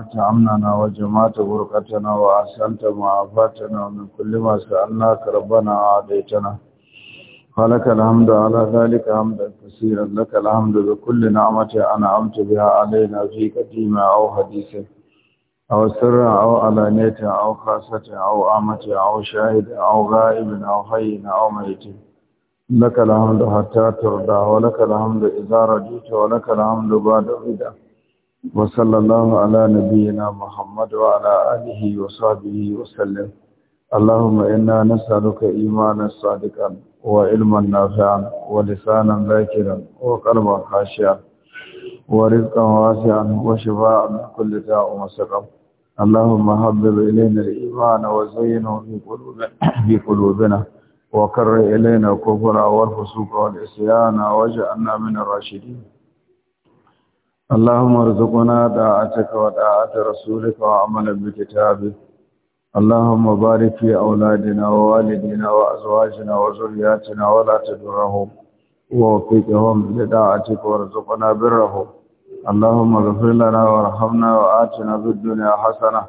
أنت أمننا وجمعت بركتنا وأحسنت معافاتنا من كل ما سألناك ربنا عاديتنا فلك الحمد على ذلك حمدا كثيرا لك الحمد بكل نعمة أنعمت بها علينا في قديمة أو حديثة أو سر أو علانية أو خاصة أو آمة أو شاهد أو غائب أو حي أو ميت لك الحمد حتى ترضى ولك الحمد إذا رجيت ولك الحمد بعد رضا وصلى الله على نبينا محمد وعلى آله وصحبه وسلم اللهم إنا نسألك إيمانا صادقا وعلما نافعا ولسانا ذاكرا وقلبا خاشعا ورزقا واسعا وشفاء من كل داء وسقم اللهم حبب إلينا الإيمان وزينه في قلوبنا, في قلوبنا وكر إلينا الكفر والفسوق والعصيان واجعلنا من الراشدين اللهم ارزقنا طاعتك وطاعة رسولك وعمل بكتابك اللهم بارك في أولادنا ووالدنا وأزواجنا وزرياتنا ولا تدرهم ووفقهم لطاعتك وارزقنا برهم اللهم اغفر لنا وارحمنا وآتنا في الدنيا حسنة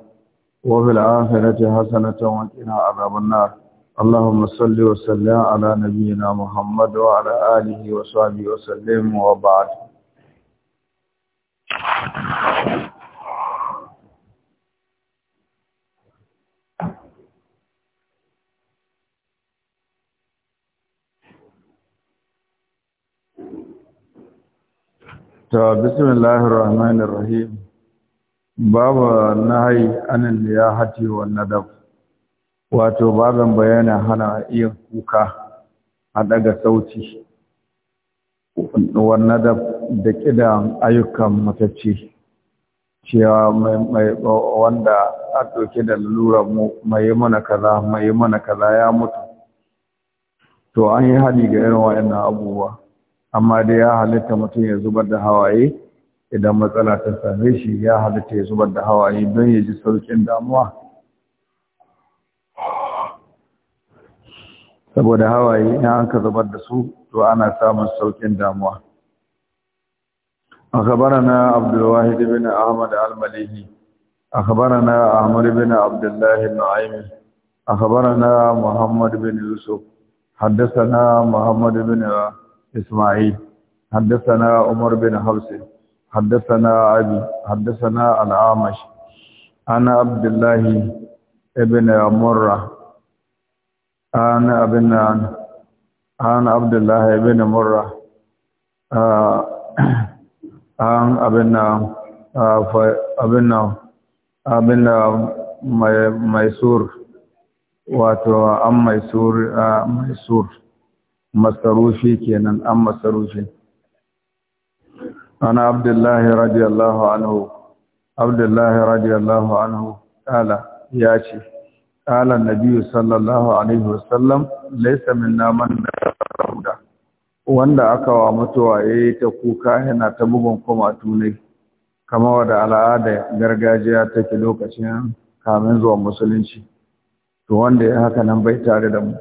وفي الآخرة حسنة وقنا عذاب النار اللهم صل وسلم على نبينا محمد وعلى آله وصحبه وسلم وبعده ta bismillahir rahmanir rahim babu nahi anan ya hati wa nadab wato baban bayana hana iya kuka a daga sauti wannan da kidan ayyukan matacce cewa wanda a da lura mu mai mana kaza mai mana kaza ya mutu to an yi hali ga irin wa'annan abubuwa amma dai ya halitta mutum ya zubar da hawaye idan matsala ta same shi ya halitta ya zubar da hawaye don ya ji saukin damuwa saboda hawaye in an ka zubar da su to ana samun sauƙin damuwa akhbarana abdulwahid ibn ahmad al-malihi akhbarana ahmad ibn abdullah al-aimi akhbarana muhammad ibn yusuf haddathana muhammad ibn isma'il haddathana umar ibn hafs haddathana abi haddathana al-amash ana abdullah ibn murrah ana abin na'an an abdullahi Ibn murra an abin na abin maisur wato an maisur maisur masarufi kenan an masarufi ana abdullahi radiyallahu anhu abdullahi radiyallahu anhu kala ya ce قال النبي صلى الله عليه وسلم ليس منا من rauda wanda aka wa mutuwa yayi ta kuka yana ta bugun koma tunai kama da al'ada gargajiya take lokacin kamin zuwa musulunci to wanda ya haka nan bai tare da mu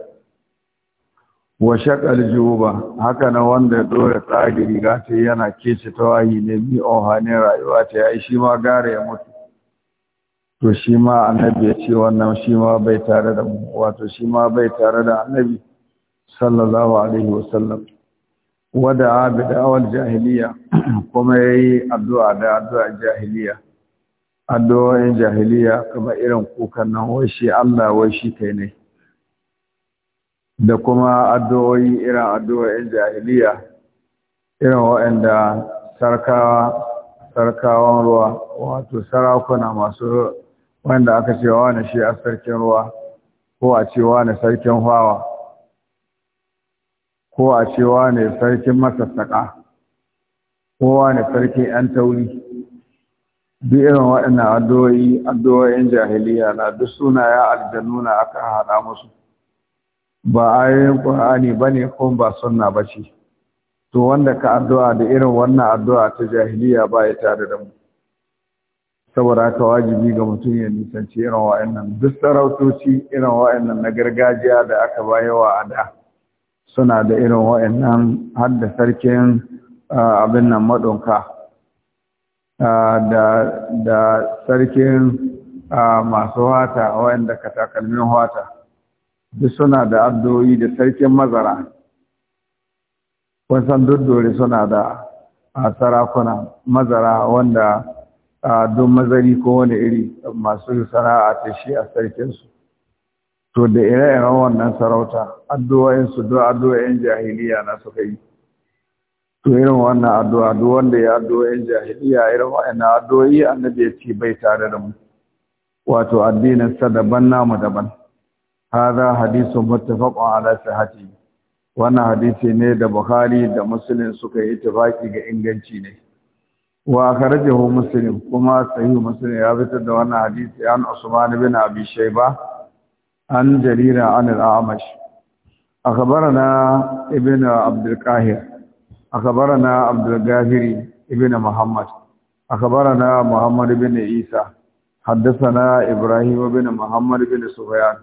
wa shaqal juba haka nan wanda ya dora tsagi riga ta yana kece tawahi ne bi ohane rayuwa ta yayi shi ma gare ya mutu to shi ma annabi ya ce wannan shi ma bai tare da mu wato shi ma bai tare da annabi sallallahu alaihi sallam. wada bi da'awal jahiliya kuma yayi addu'a da addu'a jahiliya addu'o'in jahiliya kuma irin kukan nan wai shi Allah wai shi kai ne da kuma addu'o'i irin addu'o'in jahiliya irin waɗanda sarkawa sarkawan ruwa wato sarakuna masu wanda aka ce wani shi a sarkin ruwa ko a ce wa wani sarkin hawa ko a ce wa wani sarkin masassaka ko wa wani sarkin yan tauri duk irin waɗannan addu'o'i addu'o'in jahiliya na duk sunaya aljannu na aka haɗa musu ba ayoyin ba ne, ko ba sunna ce to wanda ka addu'a da irin wannan addu'a ta jahiliya ba ya tare da mu saboda haka wajibi ga mutum ya nisanci irin wa'annan duk sarautoci irin wa'annan na gargajiya da aka bayawa a da suna da irin wa'annan har da sarkin abin nan maɗonka da sarkin masu wata wa'anda ka takalmin wata duk suna da addu'o'i da sarkin mazara kun san duk suna da sarakuna mazara wanda a don mazari ko wani iri masu sana'a ta shi a sarkinsu to da ire-iren wannan sarauta addu'o'insu don addu'o'in jahiliya na suka yi to irin wannan addu'a duk wanda ya addu'o'in jahiliya irin wannan addu'o'i annabi ya ce bai tare da mu wato addinin sa daban namu daban hada hadithu muttafaqun ala sahihi wannan hadisi ne da bukhari da muslim suka yi tafaki ga inganci ne wa kharajahu muslim kuma sahih muslim ya fitar da wannan hadisi an usman bin abi shayba an jarira an al-amash akhbarana ibn abd al-qahir akhbarana abd al-ghafiri ibn muhammad akhbarana muhammad ibn isa حدثنا ibrahim ibn muhammad ibn سفيان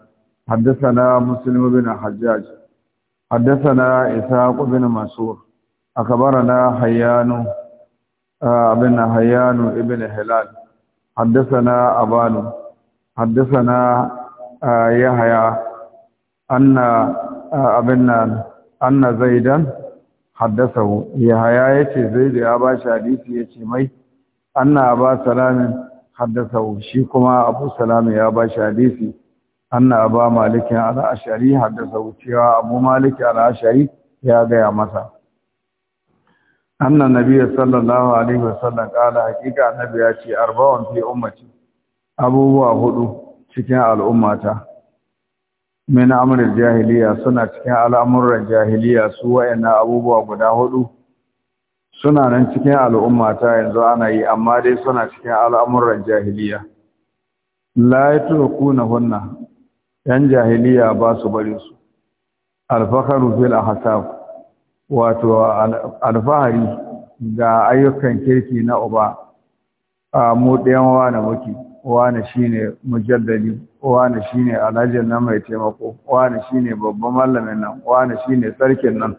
حدثنا muslim ibn hajjaj حدثنا إسحاق ibn منصور akhbarana hayyanu ابن هيان ابن هلال حدثنا أبان حدثنا يحيى أن ابن أن زيدا حدثه يحيى يتي زيد يا باشا حديثي يتي مي أن أبا سلام حدثه شي كما أبو سلام يا باشا حديثي أن أبا مالك على أشعري حدثه شيئا أبو مالك على أشعري يا غير مثلا annan nabiya sallallahu alaihi wasallam kala hakika annabi ya ce arba'un fi ummati abubuwa hudu cikin al'ummata min amrul jahiliya suna cikin al'amuran jahiliya su wayanna abubuwa guda hudu suna nan cikin al'ummata yanzu ana yi amma dai suna cikin al'amuran jahiliya la na hunna yan jahiliya ba su bari su al-fakhru fil ahsab wato alfahari ga ayyukan kirki na uba a mu ɗayan wane muke wane shine mujaddadi wane shine alhajin nan mai taimako wane shine babban mallamin nan wane shine sarkin nan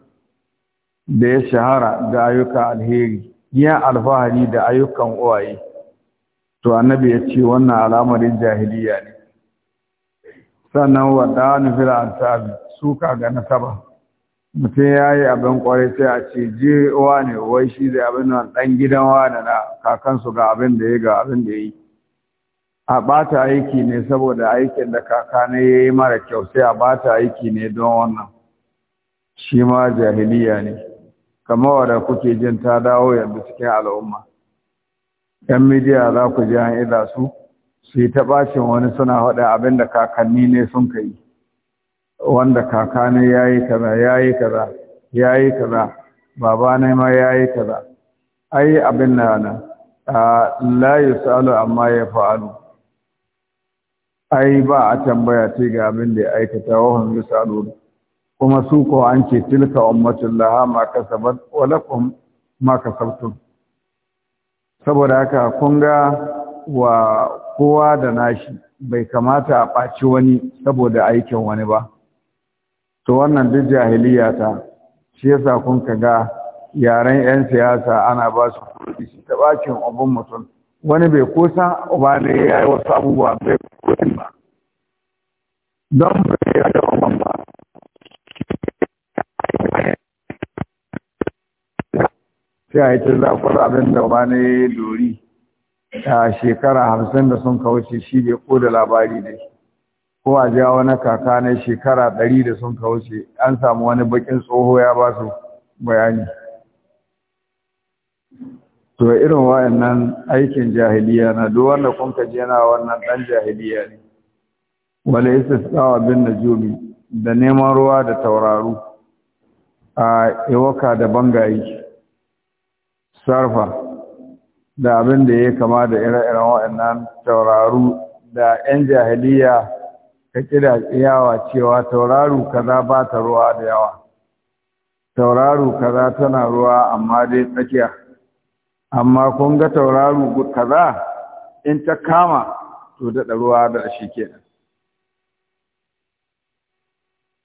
da ya shahara da ayyuka alheri yin alfahari da ayyukan uwaye to annabi ya ce wannan al'amarin jahiliya ne sannan wa ɗanu fil suka ga nasaba mutum ya yi abin kwarai sai a ce je wa ne wai shi zai abin nan 'dan gidan wa da na kakansu ga abin da ya ga abin da ya yi a bata aiki ne saboda aikin da kaka ne ya yi mara kyau sai a bata aiki ne don wannan shi ma jahiliya ne kamar wadda kuke jin ta dawo yanzu cikin al'umma yan midiya za ku ji an ida su su yi ta bacin wani suna haɗa abin da kakanni ne sun ka wanda kaka ya yi kaza ya yi kaza ya yi kaza baba ne ma yi kaza ai abin nan la yusalu amma ya fa'alu ai ba a tambaya ce ga abin da ya aikata wa hun yusalu kuma su ko an ce tilka ummatul laha ma kasabat wa lakum ma kasabtum saboda haka kun ga wa kowa da nashi bai kamata a ɓaci wani saboda aikin wani ba to wannan duk jahiliya ta shi yasa kun ga yaren yan siyasa ana ba su kuɗi su ta bakin abun mutum wani bai kusa uba ne ya yi wasu abubuwa bai kuɗin ba don ba ya da ba sai a yi ta zafar abin da uba ne lori a shekara hamsin da sun kawo shi bai ko da labari ne ko a ja wani kaka na shekara ɗari da sun wuce, an samu wani bakin tsoho ya ba su bayani to irin wa'annan aikin jahiliya na duk wanda kun ka je na wannan ɗan jahiliya ne wala istisqa bin najumi da neman ruwa da tauraru a iwaka da bangayi sarfa da abin da ya kama da ire-iren wa'annan tauraru da 'yan jahiliya ka kira iyawa cewa tauraru kaza ba ta ruwa da yawa tauraru kaza tana ruwa amma dai tsakiya amma kun ga tauraru kaza in ta kama to daɗa ruwa da shi kenan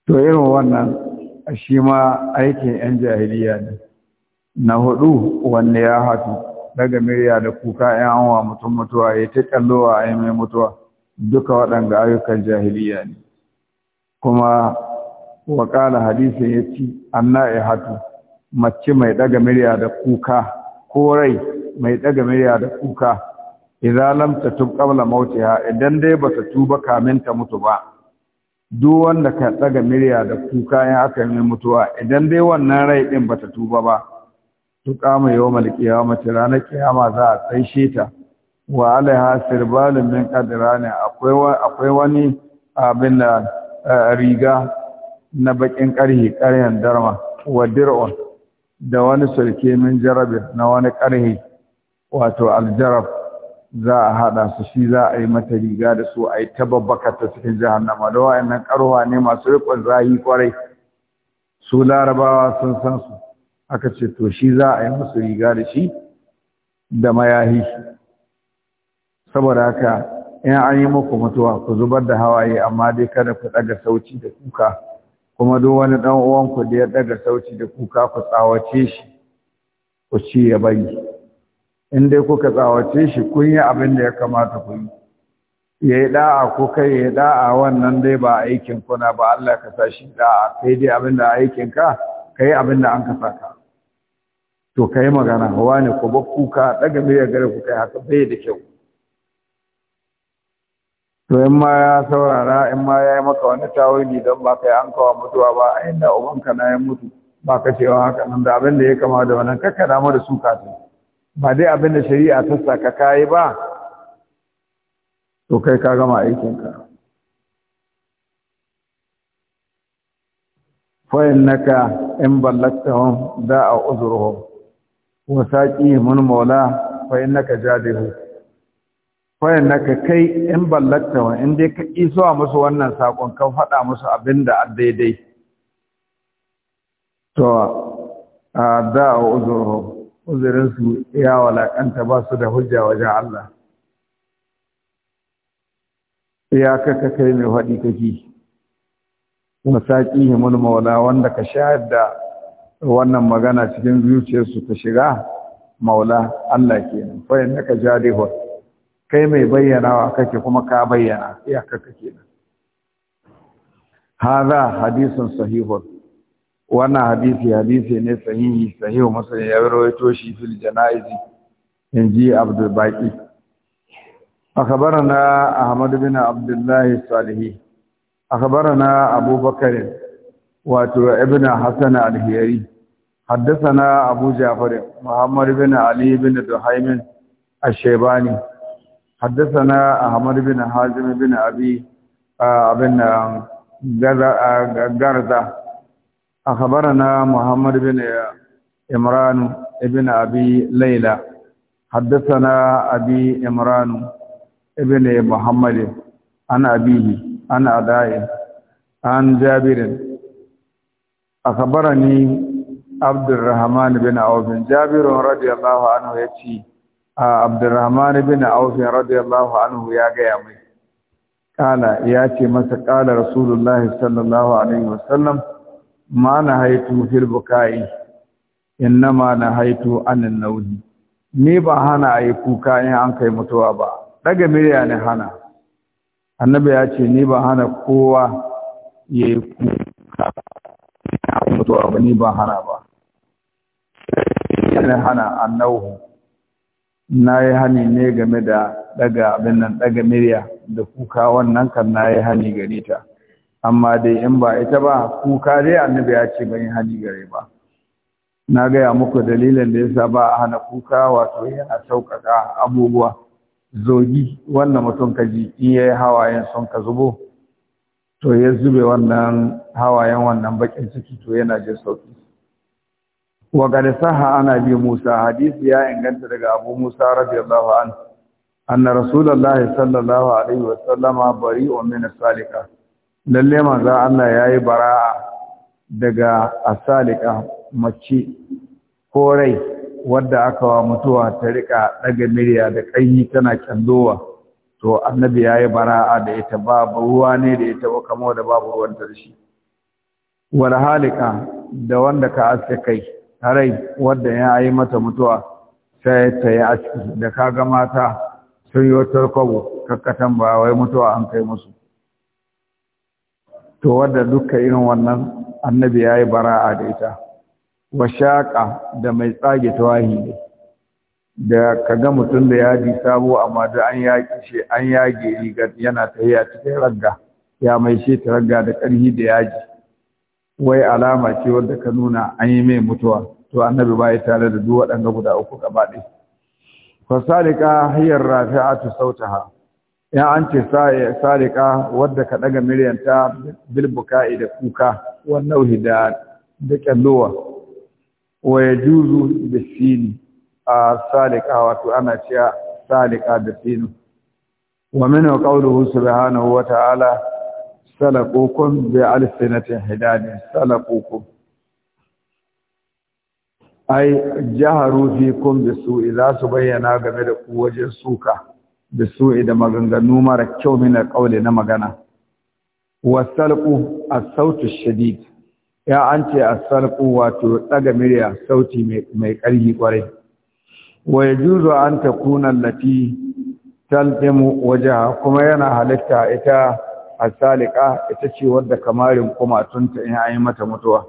to irin wannan shi ma aikin 'yan jahiliya ne na hudu wanne ya hatu daga murya da kuka 'yan wa mutum mutuwa ya ta kallowa a mai mutuwa duka waɗanda ayyukan jahiliya ne kuma Waƙala ƙala hadisin ya ci "Anna hatu mace mai ɗaga murya da kuka ko rai mai ɗaga murya da kuka idan lamta tun ƙabla mauti ha idan dai ba ta tuba kamin ta mutu ba duk wanda ka ɗaga murya da kuka ya aka yi mutuwa idan dai wannan rai ɗin ba ta tuba ba mai yau malƙiya mace ranar kiyama za a tsaishe ta wa alaiha sirbalin min kadira akwai akwai wani abin da eh, riga na bakin karhi karyan darma wa dir'un da wani sulke min jarabi na wani karhi wato aljarab za a hada su shi za a yi mata riga da su a yi ta babbaka ta cikin jahannama da wa'annan karuwa ne masu rikon zahi kwarai su larabawa sun san su aka ce to shi za a yi musu riga da shi da mayahi saboda haka in an yi muku mutuwa ku zubar da hawaye amma dai kada ku daga sauci da kuka kuma duk wani dan uwan ku da ya daga sauci da kuka ku tsawace shi ku ci ya bari in dai kuka tsawace shi kun yi abin da ya kamata ku yi ya yi da'a ko kai ya yi da'a wannan dai ba aikin kuna ba Allah ka sa shi da'a kai dai abin da aikin ka kai abin da an ka saka to kai magana wani ku ba kuka daga mai gare ku kai haka bai da kyau to in ma ya saurara in ma ya yi maka wani tawili don ba yi an kawo mutuwa ba a inda ubanka na ya mutu ba ka cewa haka nan da abin da ya kama da wannan kakka damu da su kafin ba dai abin da shari'a ta saka kayi ba to kai ka gama aikinka fayin naka in ballaktahun da a wa mun maula fayin naka jadihu fayan naka kai in ballakta wa in dai ka a musu wannan sakon kan faɗa musu abin da daidai to a da uzurinsu ya walakanta ba su da hujja wajen Allah ya kaka kai mai faɗi kake masaƙi himun maula wanda ka shayar da wannan magana cikin zuciyarsu ka shiga maula Allah ke nan fayin naka hotu kai mai bayyanawa kake kuma ka bayyana iyaka kake nan hadha hadisun sahihun wannan hadisi hadisi ne sahihi sahihu muslim ya rawaito shi fil janaizi inji abdul baqi akhbarana ahmad bin abdullah salihi akhbarana abubakar wato ibn hasan al-hiyari حدثنا أبو جعفر محمد بن علي بن دحيم الشيباني حدثنا أحمد بن حازم بن أبي بن جرزة أخبرنا محمد بن إمران بن أبي ليلى حدثنا أبي إمران بن محمد عن أبيه عن أدائه عن جابر أخبرني عبد الرحمن بن عوف جابر رضي الله عنه يتي Abdurrahman bin Auf radiyallahu anhu ya gaya mai kala ya ce masa kala Rasulullahi sallallahu alaihi wasallam ma na haitu fil bukai innama na haitu anan nauyi ni ba hana ayi kuka in an kai mutuwa ba daga murya ne hana annabi ya ce ni ba hana kowa yayi kuka mutuwa ba ni ba hana ba hana annahu na yi hani ne game da ɗaga abin nan daga murya da kuka wannan kan na yi hani gare ta amma dai in ba ita ba kuka dai annabi ya ce ban yi hani gare ba na gaya muku dalilin da yasa ba a hana kuka wato yana sauƙaƙa abubuwa zogi wannan mutum ka ji in yayi hawayen son ka zubo to ya zube wannan hawayen wannan bakin ciki to yana jin sauƙi. wa gada saha ana bi Musa hadisi ya inganta daga Abu Musa radiyallahu anhu anna rasulullahi sallallahu alaihi wa sallama bari'un min as-salika lalle manzo Allah yayi bara'a daga as-salika mace ko rai wadda aka wa mutuwa ta rika daga miriya da kai tana kyandowa to annabi yayi bara'a da ita babu ruwa ne da ita kuma da babu ruwan da shi wal halika da wanda ka aske kai Harai wadda ya yi mata mutuwa sai ta yi aski da kaga mata sun yi wata kwabo kakkatan ba wai mutuwa an kai musu to wadda duka irin wannan annabi ya yi bara'a da ita wa da mai tsage tawahi ne da kaga mutum da ya ji sabo amma da an yaƙi shi an yage rigar yana tafiya cikin ragga ya mai shi ta ragga da ƙarfi da yaji wai alama ce wadda ka nuna an yi mai mutuwa to annabi ba ya tare da duk waɗanda guda uku gaba ɗaya fasalika hiyar rafi'atu sautaha ya an ce salika wadda ka ɗaga miryanta bilbuka'i da kuka wannan da da kyallowa wa juzu da sini a salika wato ana cewa salika da sini wa min qawluhu subhanahu wa ta'ala a bi alsinatin hidadin salakukum ai jaharu fikum bi su'i za su bayyana game da ku wajen suka da su'i da maganganu mara kyau min ƙaule na magana wasalqu as-sautu shadid ya ance ce as wato daga murya sauti mai ƙarfi kwarai wa yajuzu an takuna allati talqimu wajaha kuma yana halitta ita asalika ita ce wadda kamarin kumatunta in ayi mata mutuwa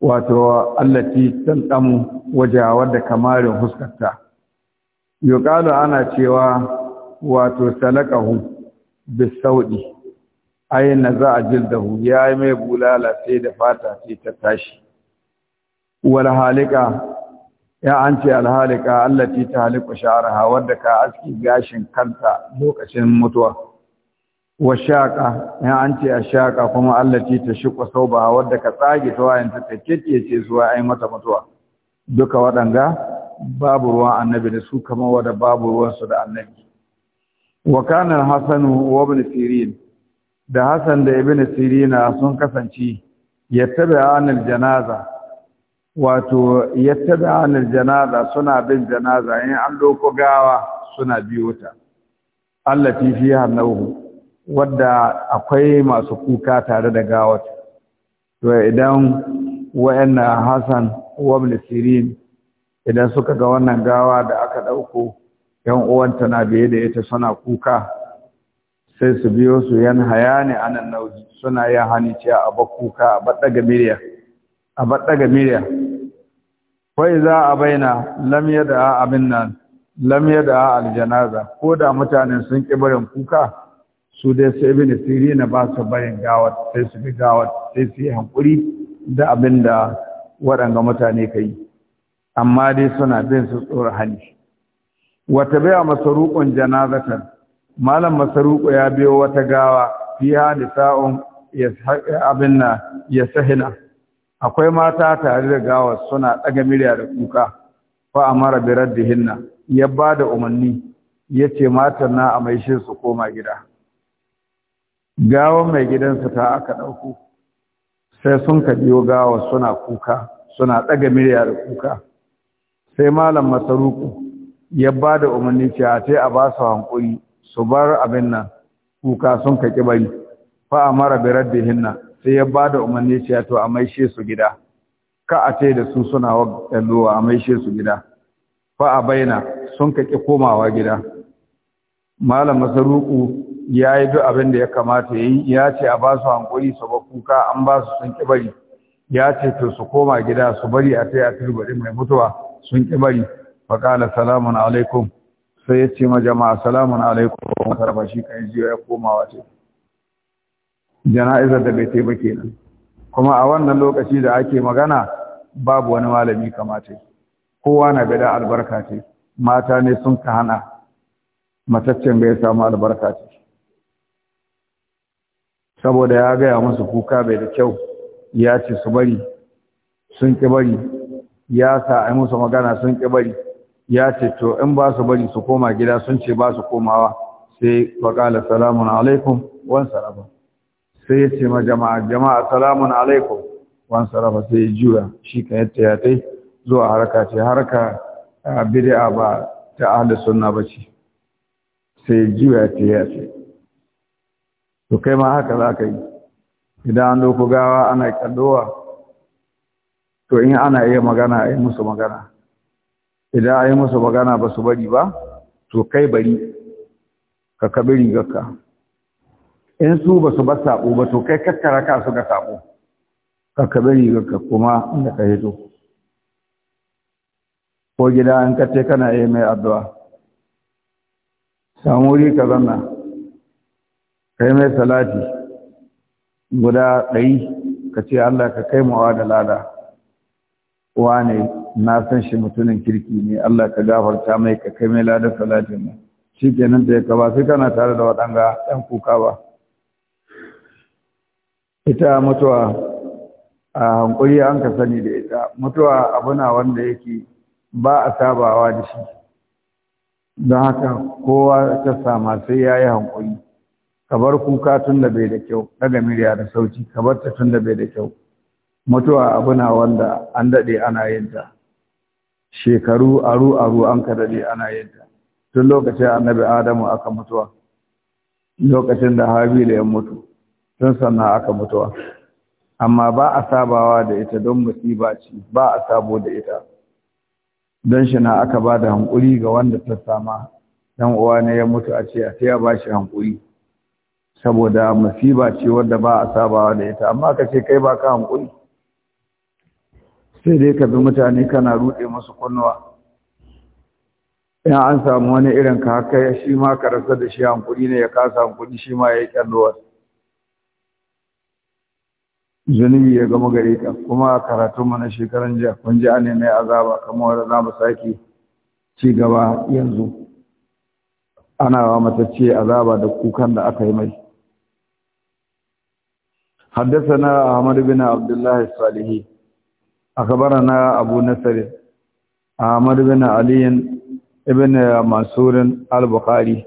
wato allati tandamu waje wadda kamarin huskarta yuqalu ana cewa wato salakahu bisaudi ayi na za a jildahu yayi mai bulala sai da fata sai ta tashi wal halika ya an ce alhalika allati ta tahliqu sha'raha wadda ka aski gashin kanta lokacin mutuwa wa shaqa ya an ce ashaka kuma allati tashqa sauba wadda ka tsage ta wayan ta ce zuwa ai mata mutuwa duka wadanga babu ruwan annabi da su kamar wadda babu ruwan su da annabi wa kana hasan wa ibn sirin da hasan da ibn sirina sun kasance yattabi'an al-janaza wato yattabi'an al-janaza suna bin janaza in an doko gawa suna biyo ta allati fiha nauhu wadda akwai masu kuka tare da gawat to idan wa'anna Hassan wabn Sirin idan suka ga wannan gawa da aka dauko yan uwanta na biye da ita suna kuka sai su biyo su yan hayani anan nauji suna yin hani cewa a ba kuka a baddaga miliya a bada miliya wai za a baina lam yada abin lam yada aljanaza ko da mutanen sun kibirin kuka su dai su ibn na ba su barin gawar sai su bi gawar sai su yi hankuri da abin da waɗanga mutane ka yi amma dai suna bin su tsoron hali wata baya masarukun janazatar malam masaruku ya biyo wata gawa fiya nisa'un abin na ya sahina akwai mata tare da gawa suna ɗaga miliyar da kuka fa mara da hinna ya ba da umarni ya ce matan na a shi su koma gida gawan mai gidansa ta aka ɗauko sai sun ka biyo gawa suna kuka suna ɗaga miliyar kuka sai malam masaruku ya ba da umarni cewa sai a ba su hankuri su bar abin nan kuka sun ka ƙi bari fa a mara birar da hinna sai ya ba da umarni cewa to a maishe su gida ka a ce da su suna wa kalluwa a maishe su gida fa a baina sun ka ƙi komawa gida malam masaruku ya yi duk abin da ya kamata ya yi ya ce a ba su hankuri su ba kuka an ba su sun ƙi bari ya ce to su koma gida su bari a taya turbari mai mutuwa sun ƙi bari faƙala salamun alaikum sai ya ce ma jama'a salamun alaikum ba raba shi kan jiyo ya koma wace jana'izar da bai taimake kenan kuma a wannan lokaci da ake magana babu wani malami kamata kowa na gada albarka ce mata ne sun ka hana mataccen bai samu albarka ce saboda ya gaya musu kuka bai da kyau ya ce su bari sun ƙi bari ya sa yi musu magana sun ƙi bari ya ce to in ba su bari su koma gida sun ce ba su komawa sai faƙala salamun alaikum wan saraba sai ya ce ma jama'a jama'a salamun alaikum wan saraba sai ya juya shi ka yadda ya tai zuwa haraka ce haraka bid'a ba ta ahlus sunna ba ce sai ya juya ta ya ce to kai ma haka za ka yi idan an doku gawa ana kallowa to in ana iya magana a yi musu magana idan a yi musu magana ba su bari ba to kai bari ka kabi rigarka in su ba su ba sabo ba to kai kakkara ka su ga sabo ka kabi rigarka kuma inda ka hito ko gida an kace kana yi mai addu'a samu wuri ka zanna kai mai salati guda ɗari ka ce Allah ka kai mawa da lada ne na san shi mutumin kirki ne Allah ka gafarta mai ka kai mai ladar salati ne shi nan da ya kaba sai kana tare da waɗanga ɗan kuka ba ita mutuwa a hankuri an ka sani da ita mutuwa abuna wanda yake ba a sabawa da shi don haka kowa ta sama sai ya yi hankuri ka bar kuka tun da bai da kyau daga murya da sauti kabar ta tun da bai da kyau mutuwa abu na wanda an daɗe ana yin ta shekaru aru aru an ka daɗe ana yin ta tun lokacin annabi adamu aka mutuwa lokacin da habila ya mutu tun sannan aka mutuwa amma ba a sabawa da ita don musiba ci, ba a sabo da ita don shi na aka ba da hankuri ga wanda ta sama dan uwa ne ya mutu a ce a ta ya ba shi hankuri saboda masiba ce wadda ba a sabawa da ita amma ka ce kai ba ka hankuli sai dai ka bi mutane kana ruɗe musu kunnuwa in an samu wani irin ka haka shi ma ka rasa da shi hankuli ne ya kasa hankuli shi ma ya yi kyallowar zunubi ya gama gare ka kuma karatun na shekaran jiya kun ji ne mai azaba kamar wanda za mu sake ci gaba yanzu ana wa matacce azaba da kukan da aka yi mai حدثنا أحمد بن عبد الله الصالح اخبرنا ابو نصر أحمد بن علي ابن منصور البخاري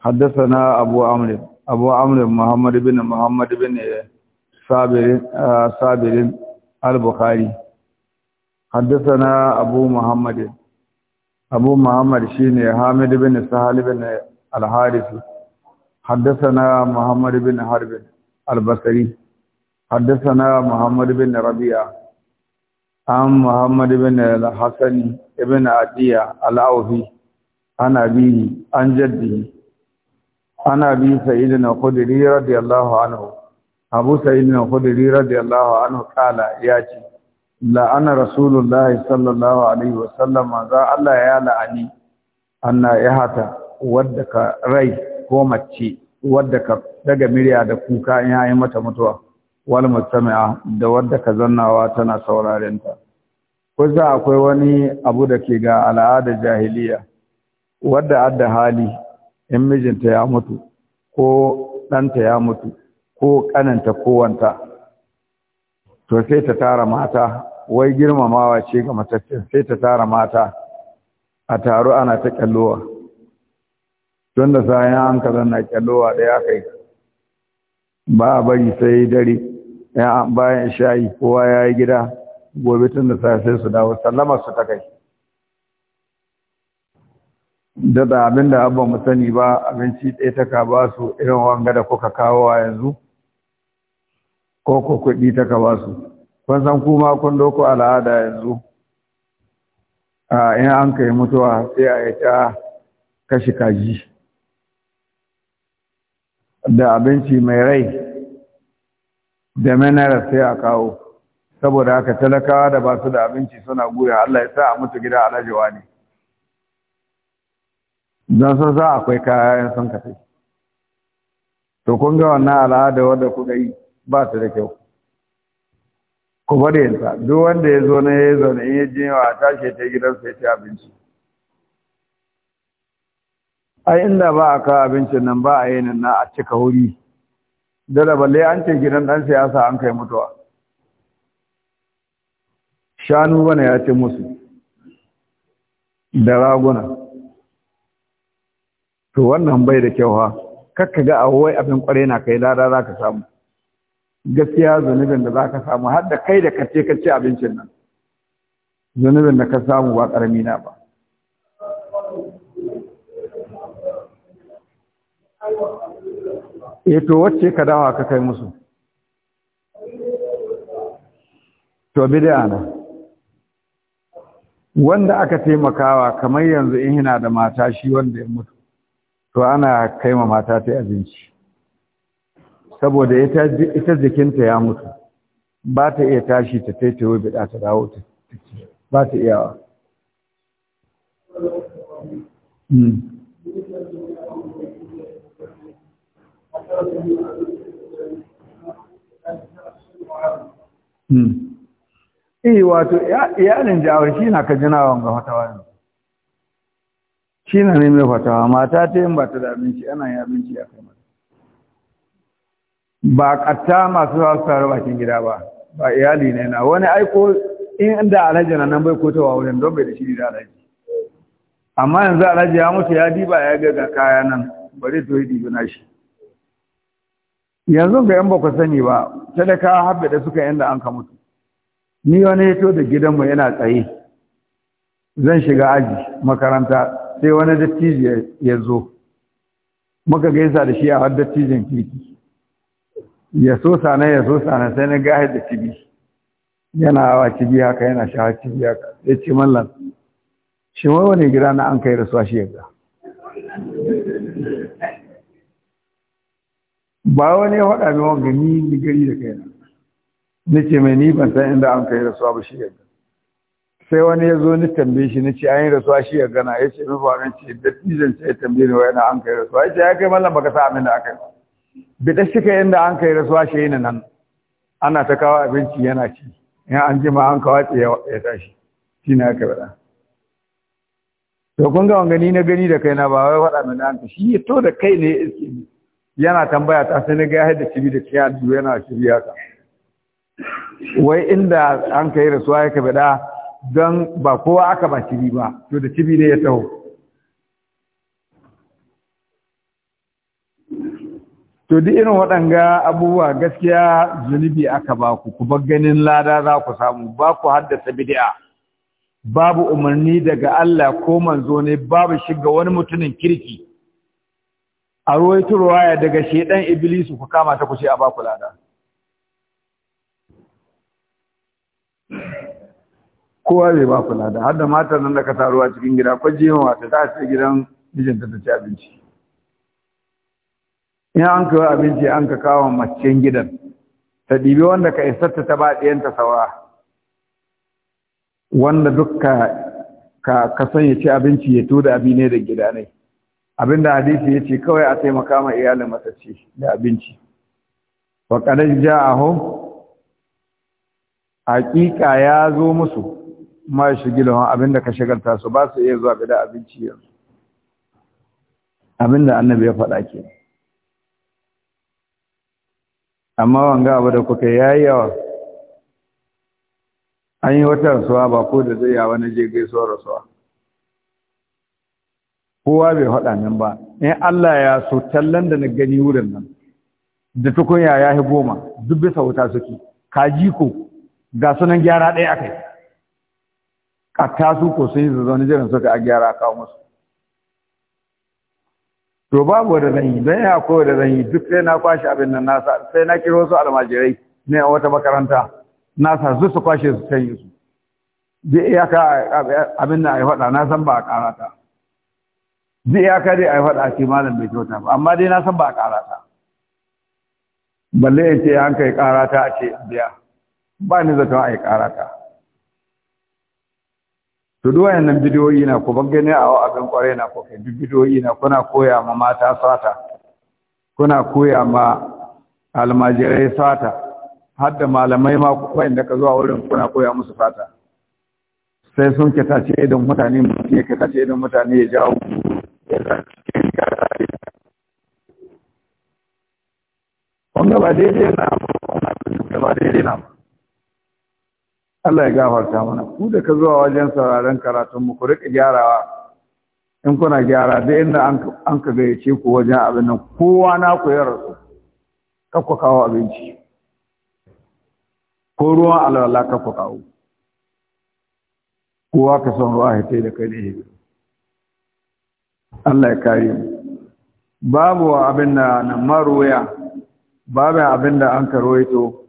حدثنا ابو عمرو ابو عمرو محمد بن محمد بن صابر صابر البخاري حدثنا ابو محمد ابو محمد شيني حامد بن سهل بن الحارث حدثنا محمد بن حرب البصري حدثنا محمد بن ربيعة عن محمد بن الحسن بن عدية الأوفي عن أبيه عن جده عن أبي سيدنا الخدري رضي الله عنه أبو سيدنا الخدري رضي الله عنه قال ياتي لأن رسول الله صلى الله عليه وسلم ذا الله يلعني أن يهتا ودك ري كومتشي ودك daga murya da kuka in yayi mata mutuwa wal mustami'a da wadda ka zannawa tana sauraren ta za akwai wani abu da ke ga al'ada jahiliya wadda adda hali in mijinta ya mutu ko ɗanta ya mutu ko kananta kowanta to sai ta tara mata wai girmamawa ce ga mataccen sai ta tara mata a taro ana ta kyallowa tun da sayan an ka zanna kyallowa ɗaya kai ba a bari sai dare bayan shayi kowa ya yi gida gobe tun da sai su dawo sallama su ta kai dada abin da abba mu sani ba abinci ɗaya ta ka ba su irin wanga da kuka kawo a yanzu ko ku kuɗi ta ba su kun san kuma kun doko al'ada yanzu a in an kai mutuwa sai a yi ta kashe kaji da abinci mai rai da menara sai a kawo saboda haka talakawa da ba su da abinci suna gure Allah ya sa a mutu gida alajewa ne don sun sa akwai kayan sun kafe to kun ga wannan al'ada wadda kuka yi ba su da kyau ku bari yanta duk wanda ya zo na ya zo na yi jiwa a tashi ta gidansa ya ci abinci ai inda ba a kawo abincin nan ba a yi nan na a cika wuri dole balle an ce gidan dan siyasa an kai mutuwa shanu bane ya ce musu da raguna to wannan bai da kyau ha kakka ga awai abin kware na kai lada za ka samu gaskiya zunubin da za ka samu har da kai da kace kace abincin nan zunubin da ka samu ba ƙarami na ba E to wacce ka dawa ka kai musu to bid'a na wanda aka taimakawa kamar yanzu in hina da mata shi wanda ya mutu to ana kai ma mata ta abinci saboda ita jikinta ya mutu ba ta iya tashi ta taitawo bida ta dawo ta ba ta iyawa hmm. Iyi hmm. eh, wato iyalin jawar shi na kajinawan ga fatawa ne. Shi na neme fatawa, mata ta yin ba ta da abinci, ana yin abinci a kai mata. Ba ƙatta masu hausa bakin gida ba, ba iyali ne na wani aiko in da alhaji na nan bai kotowa wurin don bai da shi da alhaji. Amma yanzu alhaji ya mutu ya diba ya ga kaya nan, bari to yi dibi na shi. yanzu ga yan ba ku sani ba ka habbe da suka yanda an ka mutu ni wani ya to da gidanmu yana tsaye zan shiga aji makaranta sai wani dattijo ya zo muka gaisa da shi a har dattijin kirki ya so sana ya so sana sai na ga da cibi yana hawa cibi haka yana shawar cibi haka ya ce mallan shi wani gida na an kai rasuwa shi ya ga ba wani ya faɗa min wanga ni ni gari da kaina nace mai ni ban san inda an kai rasuwa ba shi yadda sai wani ya zo ni tambaye shi nace an yi rasuwa shi ya gana ya ce min faɗan ce da tizan ce ya tambaye ni wani na an kai rasuwa ya ce ya kai mallam baka sa amin da aka yi bi da shi kai inda an kai rasuwa shi yana nan ana ta kawo abinci yana ci in an jima an kawace ya tashi shi ne aka faɗa to kun ga wangani na gani da kaina ba wai faɗa min na an shi to da kai ne ya iske ni yana tambaya ta sai na ga yadda cibi da kiyar duk yana shirya ka. wai inda an kai rasuwa ya bada don ba kowa aka ba cibi ba to da cibi ne ya taho to duk irin waɗanga abubuwa gaskiya zunubi aka ba ku ku ganin lada za ku samu ba ku haddasa bid'a babu umarni daga Allah ko manzo ne babu shiga wani mutumin kirki a ruwaito ruwaya daga shedan iblisu ku kama ta kuce a ba ku lada kowa zai ba ku lada har da matar nan da ka taruwa cikin gida ko jewa ta ta ce gidan mijinta ta ci abinci in an kawo abinci an ka kawo macen gidan ta ɗibi wanda ka isarta ta ba ɗiyanta sawa, wanda duk ka ka sanya ci abinci ya tuda da abi ne da gida ne abinda hadisi yace kawai a taimaka ma iyalin matacci da abinci wa qadaj ja'ahu haƙiƙa ya zo musu ma shigilawa abinda ka shigarta su ba su iya zuwa da abinci yanzu abinda annabi ya faɗa ke amma wanga abu da kuka yayi yawa an yi wata rasuwa ba ko da zai yawa na je gaisuwar rasuwa kowa bai haɗa nan ba in Allah ya so tallan da na gani wurin nan da tukunya ya yi goma duk bisa wuta suke kaji ko ga sunan gyara ɗaya akai A tasu ko sun yi zazzauni jiran suka a gyara kawo musu to babu wanda zan yi don ya kowa da zan yi duk sai na kwashe abin nan nasa sai na kiro su almajirai ne a wata makaranta nasa su su kwashe su can yi su duk iyaka abin da a yi faɗa na san ba a ta. zai ya kare a faɗa ce malam bai kyauta ba amma dai na san ba a ƙara ta balle ya ce an kai ƙara ta a ce biya ba ni zato a yi ƙara ta to duk wayannan bidiyoyi na ku ban gani a abin kwarai na ku kai bidiyoyi na kuna koya ma mata sata kuna koya ma almajirai sata har da malamai ma ku da ka zuwa wurin kuna koya musu fata. sai sun ke tace idan mutane mutum ya ke tace idan mutane ya jawo ya cikin kasa wanda ba daidai na ba ba daidai na ba Allah ya gafarta mana ku da ka zuwa wajen sauraron karatun mu ku rika gyarawa in kuna gyara da inda an ka gayyace ku wajen abin nan kowa na ku ya rasu kakwa kawo abinci ko ruwan alwala kakwa kawo kowa ka san ruwa ya da kai ne Allah ya kare mu babu abin da na maroya babu abin da an karoito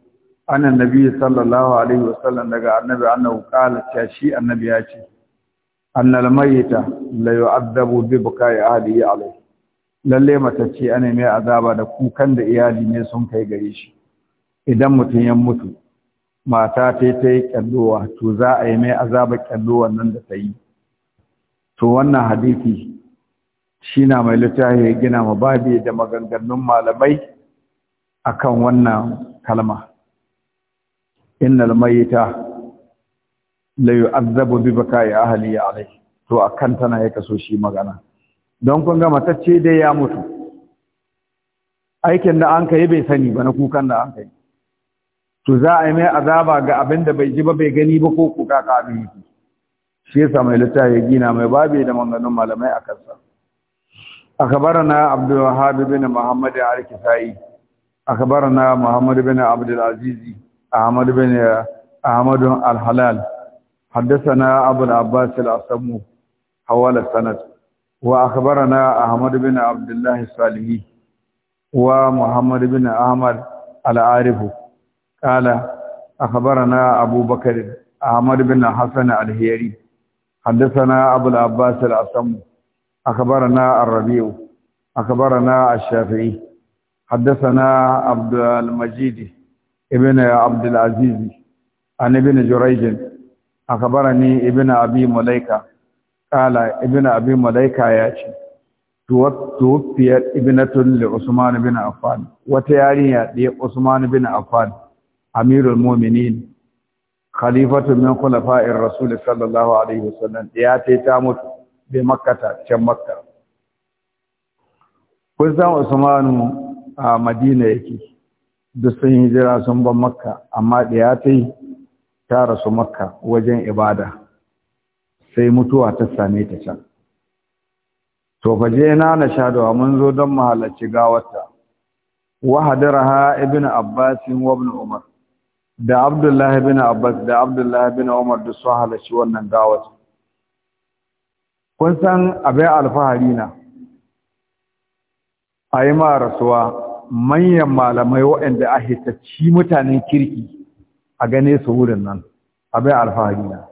an annabi sallallahu alaihi wasallam daga annabi annahu qala ta shi annabi ya ce annal mayyita la yu'adabu bi bukai Ali, alaihi lalle ce ana mai azaba da kukan da iyali ne sun kai gare shi idan mutum ya mutu mata ta yi ta yi kyallowa to za a yi mai azaba kyallowan nan da ta yi to wannan hadisi shi na mai littafi ya gina ma babi da maganganun malamai akan wannan kalma innal mayyita la yu'azzabu bi baka'i ahli alayhi to akan tana ya kaso shi magana don kun ga matacce dai ya mutu aikin da an kai bai sani ba na kukan da an kai to za a yi mai azaba ga abin da bai ji ba bai gani ba ko kuka kaɗin yi shi ya sami lita ya gina mai babi da manganin malamai a kansa a kabara na abdullahab bin muhammad ya ariki sa'i a kabara na muhammad bin abdulaziz ahmad bin ahmad alhalal haddasana abu abbas a samu hawala sanad wa a na akhbarana ahmad bin Abdullahi salimi wa muhammad bin ahmad al-arifu قال أخبرنا أبو بكر أحمد بن حسن الهيري حدثنا أبو العباس الأصم أخبرنا الربيع أخبرنا الشافعي حدثنا عبد المجيد ابن عبد العزيز عن ابن جريج أخبرني ابن أبي مليكة قال ابن أبي مليكة ياتي توفيت ابنة لعثمان بن عفان وتياريها لعثمان بن عفان amirul mu'minin khalifatu min khulafa'ir rasul sallallahu alaihi wasallam ya ta ta mutu bai makkata can makka kun san usmanu a madina yake duk sun hijira sun ban makka amma da ya ta yi ta rasu makka wajen ibada sai mutuwa ta same ta can to faje na na shadawa mun zo don mahalarci gawarta wa hadaraha ibn abbas wa umar da abdullahi bin abbas da abdullahi bin umar da sun halarci wannan gawar kun san abai alfahari na a yi ma rasuwa manyan malamai waɗanda a hitacci mutanen kirki a gane su wurin nan abai alfahari na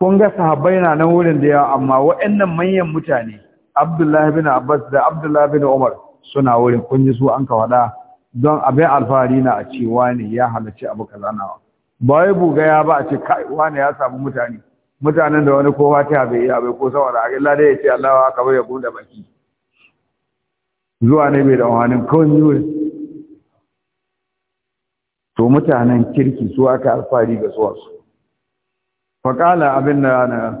kun ga sahabbai na nan wurin da yawa amma waɗannan manyan mutane abdullahi bin abbas da abdullahi bin umar suna wurin kun ji su an ka faɗa don abin alfahari na a ce wani ya halarci abu ka nawa ba wai buga ya ba a ce kai wani ya samu mutane mutanen da wani kowa ta bai ya bai ko saboda illa dai ya ce Allah aka bai ya bude baki zuwa ne bai da wani kawai yi to mutanen kirki su aka alfahari ga su. faƙala abin da na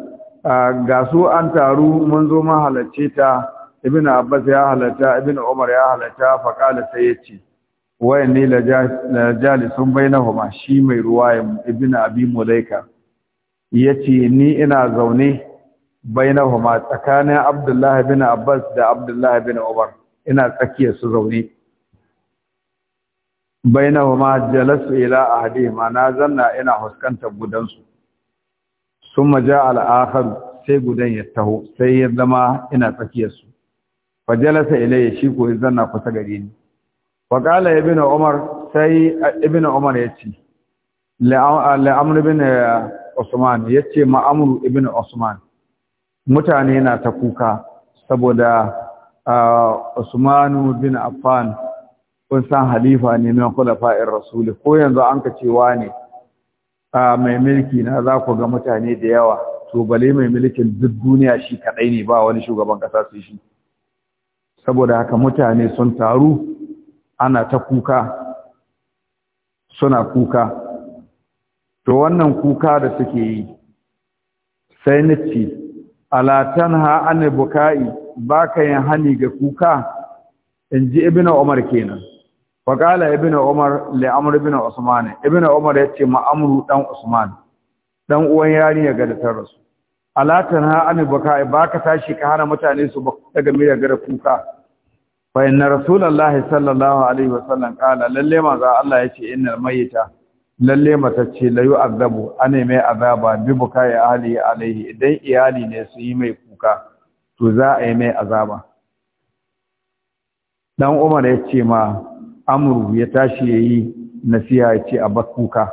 ga su an taru mun zo halarci ta ibn abbas ya halarta ibn umar ya halarta faƙala sai ya ce wayan ne jalisun huma shi mai ruwayan ibn abi mulaika yace ni ina zaune huma tsakanin Abdullahi bin abbas da Abdullahi bin umar ina tsakiyar su zaune huma jalasu ila ma na zanna ina huskantar gudansu summa ja al-akhar sai gudan ya taho sai ya zama ina tsakiyar su jalasa ilayya shi ko ya zanna kusa gare ni faƙala ibn umar sai ibn umar ya ce la'amur ibn eh, usman ya ce ma'amur ibn usman mutane na ta kuka saboda usmanu bin affan kun san halifa ne min khulafa'ir rasuli. ko yanzu an ka cewa ne mai mulki na za ku ga mutane da yawa to bale mai mulkin duk duniya shi kadai ne ba wani shugaban kasa sai shi saboda haka mutane sun taru ana ta kuka suna kuka to wannan kuka da suke yi sai nace ala tanha an bukai baka yin hani ga kuka In ji ibnu umar kenan fa qala umar li amr ibn usman umar yace ma amru dan usman dan uwan yari ga da ta ala tanha an bukai baka tashi ka hana mutane su daga miyar gara kuka fa inna rasulullahi sallallahu alaihi wasallam qala lalle manzo Allah yace innal mayyita lalle matacce la yu'adabu ane mai azaba bi bukai ahli alaihi idan iyali ne su yi mai kuka to za a yi mai azaba dan Umar yace ma Amru ya tashi yayi nasiha yace a bakuka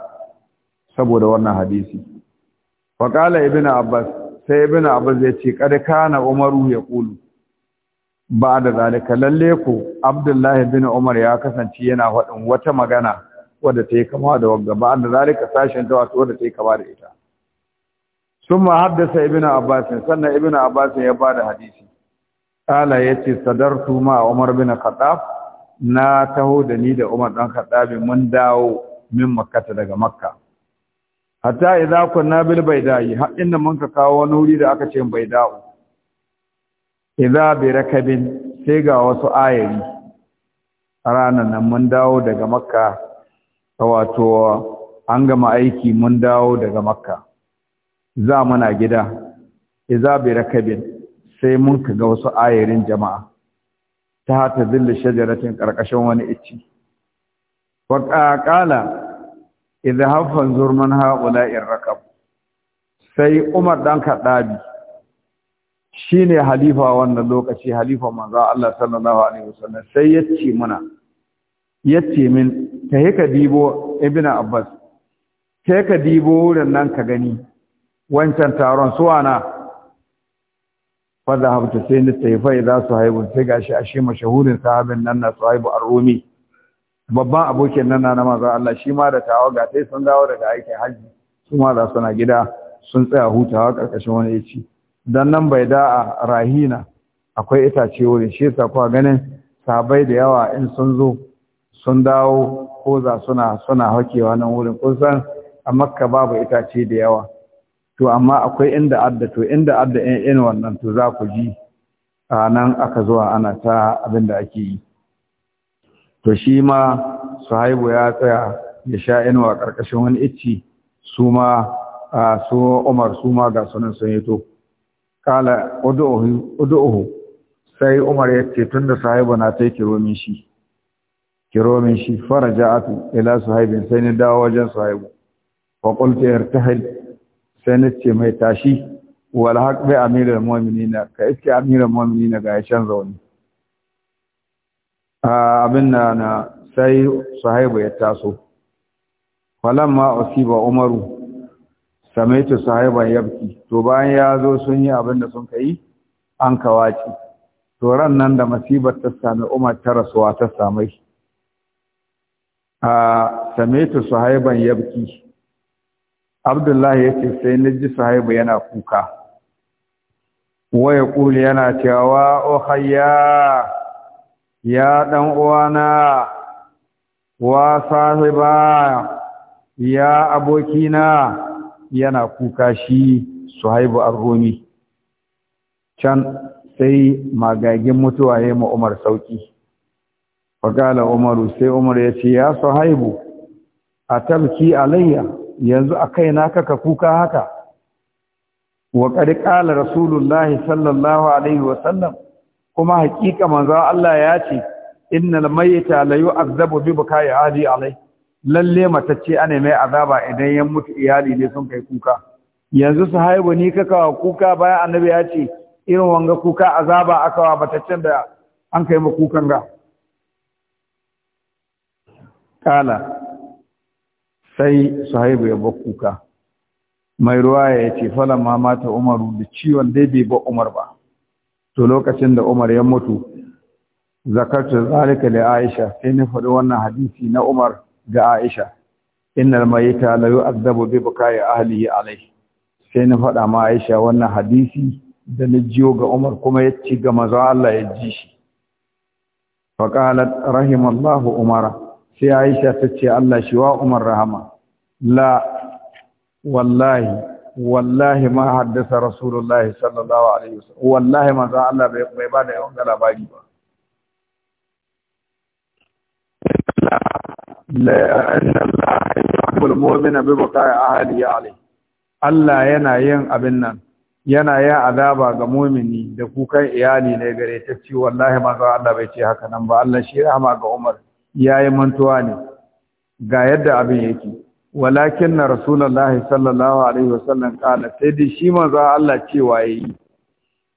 saboda wannan hadisi wa qala ibnu abbas sai ibnu abbas yace kad kana umaru kulu. ba da zalika lalle ku abdullahi bin umar ya kasance yana faɗin wata magana wadda ta yi kama da wagga ba da zalika sashen ta wato wadda ta yi kama da ita sun ma haddasa ibn abbas sannan ibn abbas ya ba da hadisi ala ya ce sadartu ma umar bin khattab na taho da ni da umar dan khattabi mun dawo min makkata daga makka hatta idza kunna bil baida'i har inda mun ka kawo wani wuri da aka ce baida'u iza bi rakabin sai ga wasu ayari ranan nan mun dawo daga makka wato an gama aiki mun dawo daga makka za muna gida iza bi rakabin sai mun kaga wasu ayarin jama'a ta hata zilla shajaratin karkashin wani icci wa qala idha hafan zurman haula rakab sai Umar dan Kadabi Shi ne halifa wannan lokaci halifa manzo Allah sallallahu alaihi wasallam sai yace muna yace min kai ka dibo ibn abbas kai ka dibo wurin nan ka gani wancan taron suwana fa zahabtu sai ni tayi fa idza suhaibun sai gashi ashe mashahurin sahabin nan na suhaibu ar-rumi babban abokin nan na manzo Allah shi ma da tawaga sai sun dawo daga aikin haji su ma za su na gida sun tsaya hutawa karkashin wani yace don nan bai da a rahina akwai itace wuri shi ta kuwa ganin sabai da yawa in sun zo sun dawo ko za suna suna hakewa nan wurin kusan a makka babu itace da yawa to amma akwai inda adda to inda adda in in wannan to za ku ji a nan aka zuwa ana ta abin da ake yi to shi ma suhaibu ya tsaya ya sha inuwa ƙarƙashin wani icci su ma su umar su ma ga sunan sun yi to kala udu'uhu sai umar ya ce tunda sahibu na ta kiro min shi kiro min shi faraja'atu ila suhaibin sai ni dawo wajen suhaibu fa qultu irtahil sai ni ce mai tashi wal haq bi amirul mu'minin ka iske amirul mu'minin ga ya canza wani abin na na sai suhaibu ya taso falamma usiba umaru samaitu sahiban yabki to bayan ya zo sun yi abin da sun kai an kawaci to ran nan da masibar ta sami umar ta rasuwa ta samai a samaitu sahiban yabki abdullahi yace sai na ji yana kuka waya kuli yana cewa o hayya ya dan uwana wa sahiba ya abokina yana kuka shi suhaibu arrumi can sai magagin mutuwa ya ma umar sauƙi. fagala umaru sai umar ya ce ya suhaibu a talki alayya yanzu a kaina kaka kuka haka wa qad rasulullahi sallallahu alaihi Wasallam! kuma haƙiƙa manzawa Allah ya ce innal mayyita layu yu'azzabu bi bukai ahli alai! lalle matacce ana mai azaba idan ya mutu iyali ne sun kai kuka yanzu su haibu ni kawo kuka bayan annabi ya ce irin wanga kuka azaba aka wa mataccen da an kai ma kukan ga kala sai su haibu ya ba kuka mai ruwa ya ce "Falan ma mata umaru da ciwon dai bai ba umar ba to lokacin da umar ya mutu zakatu zalika da aisha sai na faɗi wannan hadisi na umar ga Aisha innal mayita la yu'adhabu bi bukai ahlihi alayhi sai na faɗa ma Aisha wannan hadisi da na jiyo ga Umar kuma ya ci ga manzon Allah ya ji shi fa qalat rahimallahu Umar sai Aisha ta ce Allah shi wa Umar rahama la wallahi wallahi ma haddasa rasulullahi sallallahu alaihi wasallam wallahi manzon Allah bai ba da yawan labari ba أن الله يحب المؤمن ببقاء أهله عليه Allah yana yin abin nan yana yin azaba ga mumini da kukan iyali ne gare ta ce wallahi manzo Allah bai ce haka nan ba Allah shi rahama ga Umar yayi mantuwa ne ga yadda abin yake walakin na rasulullahi sallallahu alaihi wasallam kala sai dai shi manzo Allah cewa yayi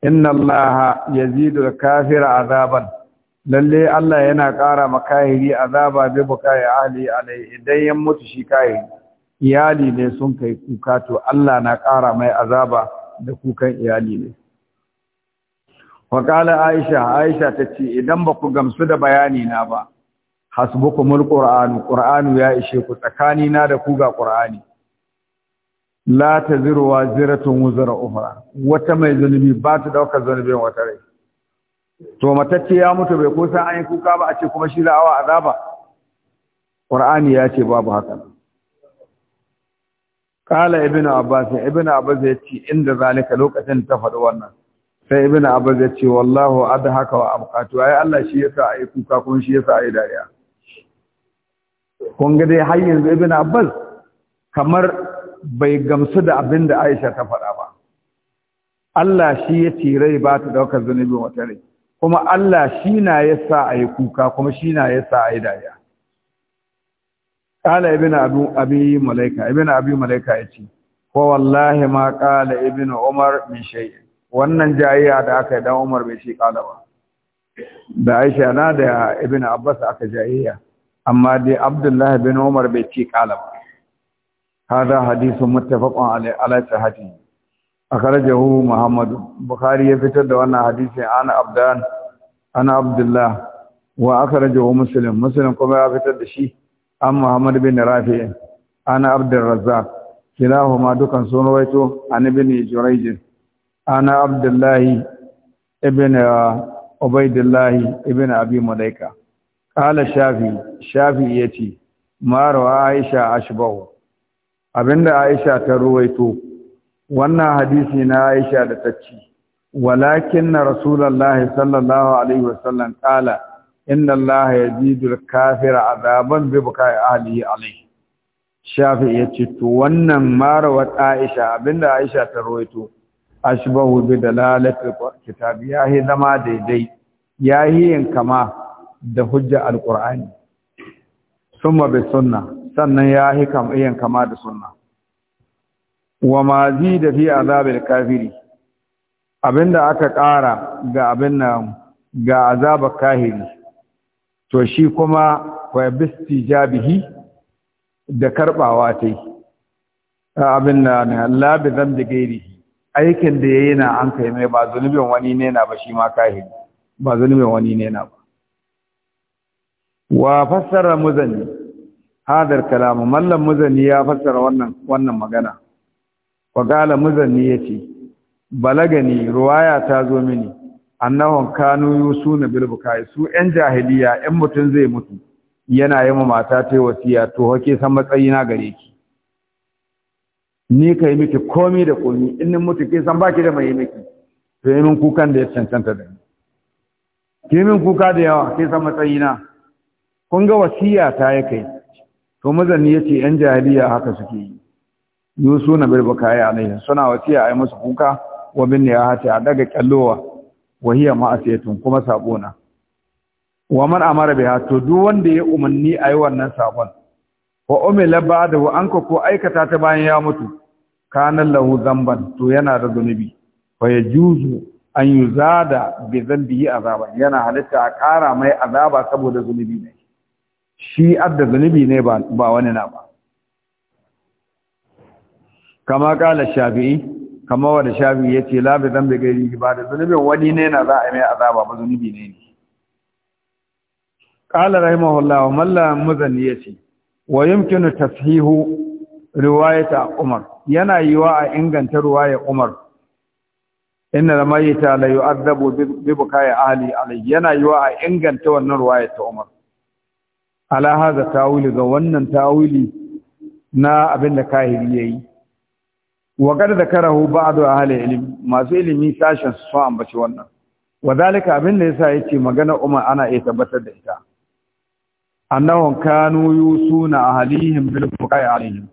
inna Allah yazidu kafira azaban lalle Allah yana ƙara makahiri azaba bi bukai ahli alai idan ya mutu shi kai iyali ne sun kai kuka to Allah na ƙara mai azaba da kukan iyali ne wa Aisha Aisha tace idan ba ku gamsu da bayani na ba hasbukumul qur'anu qur'anu ya ishe ku tsakani na da ku ga qur'ani la taziru waziratun wuzra ukhra wata mai zunubi ba ta dauka zunubin wata rai to matacce ya mutu bai ko san an yi kuka ba a ce kuma shi za'awa azaba qur'ani ya ce babu haka kala ibnu abbas ibnu abbas ya ce inda zalika lokacin ta faɗi wannan sai ibnu abbas ya ce wallahu adhaka wa abqatu ai Allah shi yasa ai kuka kuma shi yasa ai dariya kun ga dai har yanzu ibnu abbas kamar bai gamsu da abin da Aisha ta faɗa ba Allah shi ya tirai ba ta daukar zunubin wata rai kuma Allah shi na ya sa a yi kuka kuma shi na ya sa a yi dariya ƙala ibn abi malaika ibn abi malaika ya ce ko wallahi ma ƙala ibn umar bin shay wannan jayiya da aka yi dan umar bai shi ƙala ba da aisha na da ibn abbas aka jayiya amma dai abdullahi bin umar bai ce ƙala ba hada hadisun mutafakon alai ala sahatihi akharajahu Muhammad Bukhari ya fitar da wannan hadisi ana abdan ana Abdullah wa akharajahu Muslim Muslim kuma ya fitar da shi an Muhammad bin Rafi ana Abdul Razzaq kilahuma dukan sun rawaito an ibn Jurayj ana Abdullah ibn Ubaydullah ibn Abi Malaika qala Shafi Shafi yace ma rawa Aisha ashbahu abinda Aisha ta ruwaito wannan hadisi na Aisha da tacci walakin na Rasulullah sallallahu alaihi wasallam kala inna Allah yazidu kafira azaban bi bukai ahlihi alaihi Shafi ya ce to wannan marawat Aisha abinda Aisha ta rawaito ashbahu bi dalalatil kitab yahi zama daidai yahi yin kama da hujja alqur'ani summa bi sunna sannan yahi kam yin kama da sunna wa ma da fi azabil kafiri abinda aka ƙara ga abin nan ga azabar kahiri to shi kuma wa jabihi da karbawa tai abin nan la bi zambi gairi aikin da yayi na an kai mai ba zunubin wani ne na ba shi ma kahiri ba zunubin wani ne na ba wa fassara muzani, hadar kalamu mallam muzani ya fassara wannan wannan magana Waƙala Muzanni ya ce, Balagani ruwaya ta zo mini, annahun kanu yusu na bilbukai su ƴan jahiliya ƴan mutum zai mutu, yana yi ma mata ta yi wasiya to hake san matsayina gare ki. Ni ka yi miki komi da komi, in mutu ke san baki da mai yi miki, to yi min kukan da ya cancanta da ni. Ke min kuka da yawa, ke san matsayina. Kun ga wasiya ta yi kai, to mazan mazanni ya ce ƴan jahiliya haka suke yi. yusu yusuna bil a alaihim suna a yi musu kuka wa ya hati a daga kallowa wa hiya ma'asiyatun kuma sabona wa man amara biha to duk wanda ya umarni a ai wannan sabon wa umila ba'da wa anka ko aikata ta bayan ya mutu kana lahu zamban to yana da zunubi fa yajuzu an yuzada bi zambihi azaba yana halitta a kara mai azaba saboda zunubi ne shi adda zunubi ne ba wani na ba kama kala shafi'i kama da shafi'i yace la bi zan bai gairi ba da zunubin wani ne na za a mai azaba ba zunubi ne ne qala rahimahullahu malla muzanni yace wa yumkinu tashihu riwayata umar yana yiwa a inganta riwayar umar inna lamayta la yu'adabu bi bukai ahli alayhi yana yiwa a inganta wannan riwayar umar ala hadha tawili ga wannan tawili na abin da kahiri yayi wa ba zakarahu ba'du ahli ilmi masu ilimi sashen su ambaci wannan wadalika abin da yasa yace magana umar ana iya tabbatar da ita annahum kanu yusuna ahlihim bil fuqai alaihim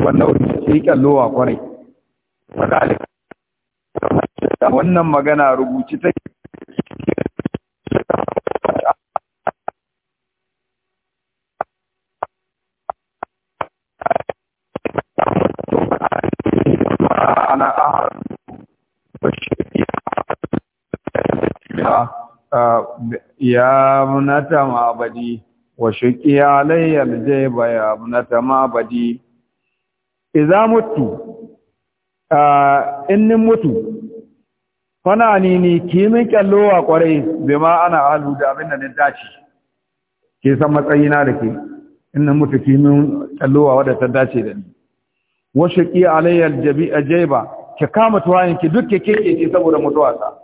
wannan sai kallowa kwarai wadalika wannan magana rubuci take ya munata ma badi wa shuki alayya bai ya mutu a inni mutu kana ni ni ki mun kallowa kware ma ana alu da abin nan dace ke san matsayi na dake inna mutu ki mun kallowa ta dace da ni wa shuki alayya jabi ajaiba ki kama tuwayin ki dukke kike ki saboda mutuwa ta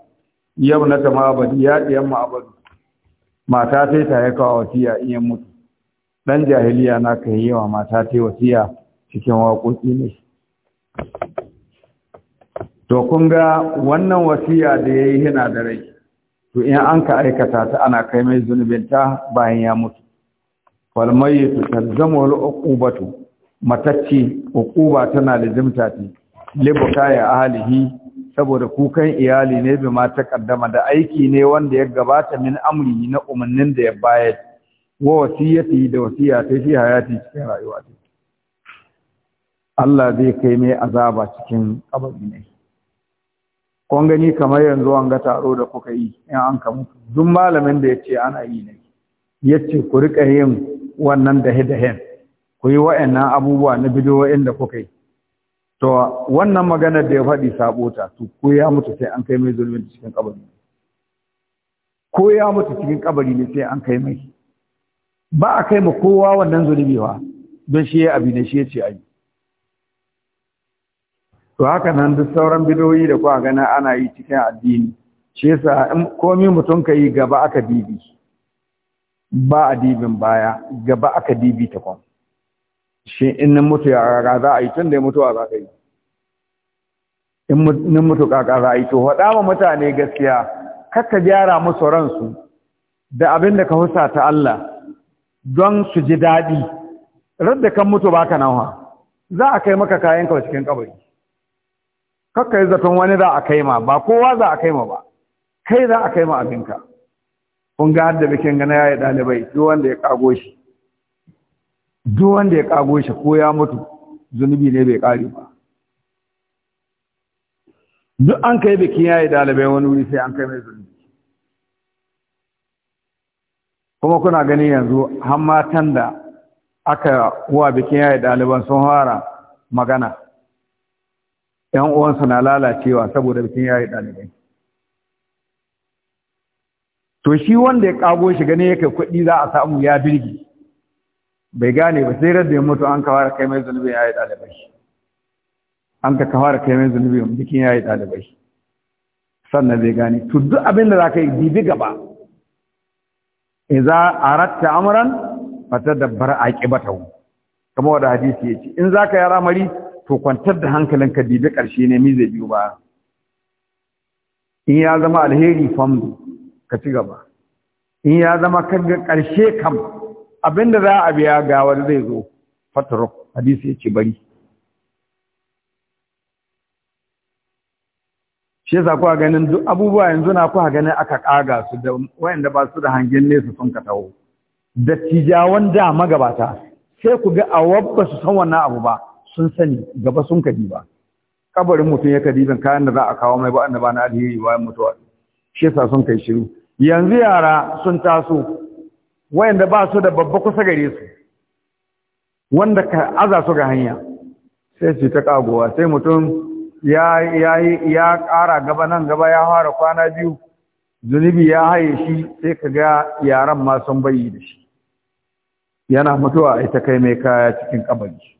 ya munata ma badi mata sai ta ya kawo wasiya in mutu ɗan jahiliya na ka yi wa mata ta wasiya cikin waƙoƙi ne to kun ga wannan wasiya da ya yi yana da rai to in an ka aikata ta ana kai mai zunubin ta bayan ya mutu wal mayyitu talzamu al uqubatu matacci uquba tana lazimta ta libuka ya ahlihi saboda kukan iyali ne bi ma ta kaddama da aiki ne wanda ya gabata min amri na umarnin da ya bayar wa wasiyati da wasiya ta fi hayati cikin rayuwa ta Allah zai kai mai azaba cikin kabari ne kun gani kamar yanzu an ga taro da kuka yi in an ka mutu duk malamin da ya ce ana yi ne ya ce ku riƙa yin wannan dahe-dahen ku yi wa'annan abubuwa na bidiyoyin da kuka yi to wannan maganar da ya faɗi sabota to ko ya mutu sai an kai mai zulmin cikin kabari ko ya mutu cikin kabari ne sai an kai mai ba a kai ma kowa wannan zulmi ba don shi ya abi ne shi ya ce ayi to haka nan duk sauran bidoyi da kuka gana ana yi cikin addini shi yasa in komai mutum ka yi gaba aka dibi ba a dibin baya gaba aka dibi ta kwan shi in nan mutu ya kaka za a yi tun da ya mutuwa za ka yi in mutu kaka za a yi to haɗa ma mutane gaskiya kakka gyara musu ransu da abin da ka husa ta Allah don su ji daɗi radda kan mutu baka nawa za a kai maka kayan ka cikin kabari kakka yi zaton wani za a kai ma ba kowa za a kai ma ba kai za a kai ma abinka kun ga hadda bikin gana ya yi ɗalibai duk wanda ya kago shi duk wanda ya kago shi ko ya mutu zunubi ne bai kare ba duk an kai bikin yayi dalibai wani wuri sai an kai mai zunubi kuma kuna gani yanzu har matan da aka kuwa bikin yayi daliban sun fara magana ‘yan uwansu na lalacewa saboda bikin yayi dalibai to shi wanda ya kago shi gani yake kuɗi za a samu ya birgi bai gane ba sai radda ya mutu an kawara kai mai zunubi ya yi ɗalibai an ka kawara kai mai zunubi bikin ya yi ɗalibai sannan bai gane to duk abin da za ka yi bibi gaba idza aratta amran fatadabbar aqibatahu kama wanda hadisi yake in zaka yi ramari to kwantar da hankalinka bibi karshe ne mi zai biyo ba in ya zama alheri famdu ka ci gaba in ya zama kaga karshe kam abinda za a biya ga wani zai zo fatarok hadisi ya ce bari shi yasa kuwa ganin abubuwa yanzu na kuwa ganin aka kaga su da wayanda ba su da hangen nesa sun ka taho tijawan da magabata sai ku ga awabba su san wannan abu ba sun sani gaba sun ka ba kabarin mutum ya kadibin kayan da za a kawo mai ba na alheri bayan mutuwa shi yasa sun kai shiru yanzu yara sun taso wayanda ba su da babba kusa gare su wanda ka aza su ga hanya sai su ta kagowa sai mutum ya kara gaba nan gaba ya fara kwana biyu zunubi ya haye shi sai ka ga yaran ma sun bayi da shi yana mutuwa ita kai mai kaya cikin kabari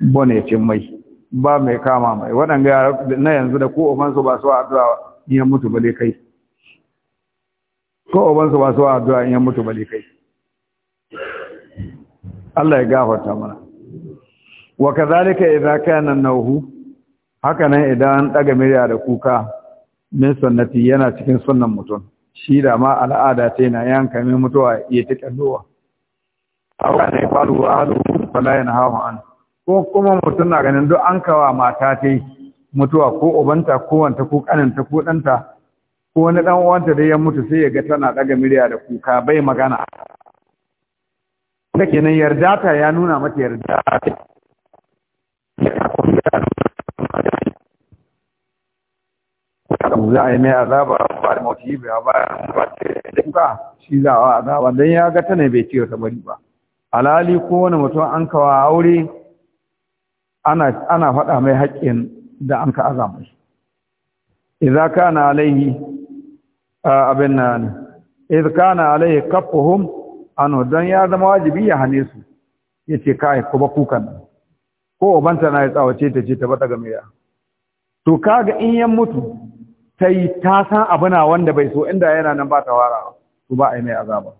bonecin mai ba mai kama mai waɗanda na yanzu da ko ofansu ba su addu'a ya mutu bale kai ko obansa ba su wa addu'a in ya mutu bali kai Allah ya gafarta mana wa kazalika idza kana nauhu haka nan idan daga murya da kuka min sunnati yana cikin sunan mutum shi da ma al'ada ta yana yanka mai mutuwa ya ta zuwa awa ne faru an ko kuma mutum na ganin duk an kawa mata ta mutuwa ko ubanta ko wanta ko kaninta ko danta ko wani dan uwanta da ya mutu sai ya ga tana daga murya da kuka bai magana take nan yarda ta ya nuna mata yarda za a yi mai azaba ba da mawuti ba ba da kuka shi za a azaba don ya ga tana bai ce wata bari ba alali wani mutum an kawa aure ana faɗa mai haƙƙin da an ka azama shi ka na alaihi abin nan idh kana alaihi kaffuhum anu dan ya zama wajibi ya hane su yace kai ko ba kukan ko ubanta na ya tsawace ta ce ta bata ga miya to kaga in yan mutu tai ta san abu na wanda bai so inda yana nan ba ta wara to ba ai mai azaba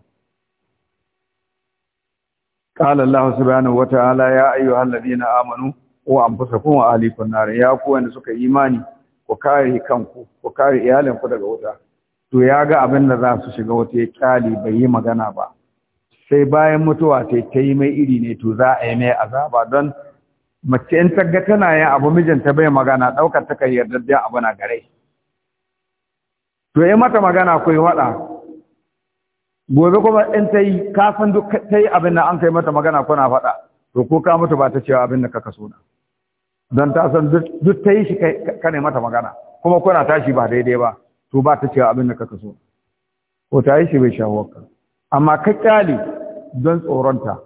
قال الله سبحانه وتعالى يا ايها الذين امنوا وانفسكم واهليكم نار يا ku wanda suka imani ku kare kanku ku kare iyalinku daga wuta to ya ga abin da za su shiga wata ya kyali bai yi magana ba sai bayan mutuwa sai ta yi mai iri ne to za a yi mai azaba don mace in tagga tana yin abu mijinta bai magana ɗaukar ta kan yarda da abu na gare to yi mata magana ku yi waɗa gobe kuma in ta yi kafin duk ta yi abin da an kai mata magana kuna faɗa to ko ka mutu ba ta cewa abin da kaka so na don ta san duk ta yi shi ka ne mata magana kuma kuna tashi ba daidai ba to ba ta cewa abin da kaka so ko ta yi shi bai shahuwarka amma ka kyale don tsoronta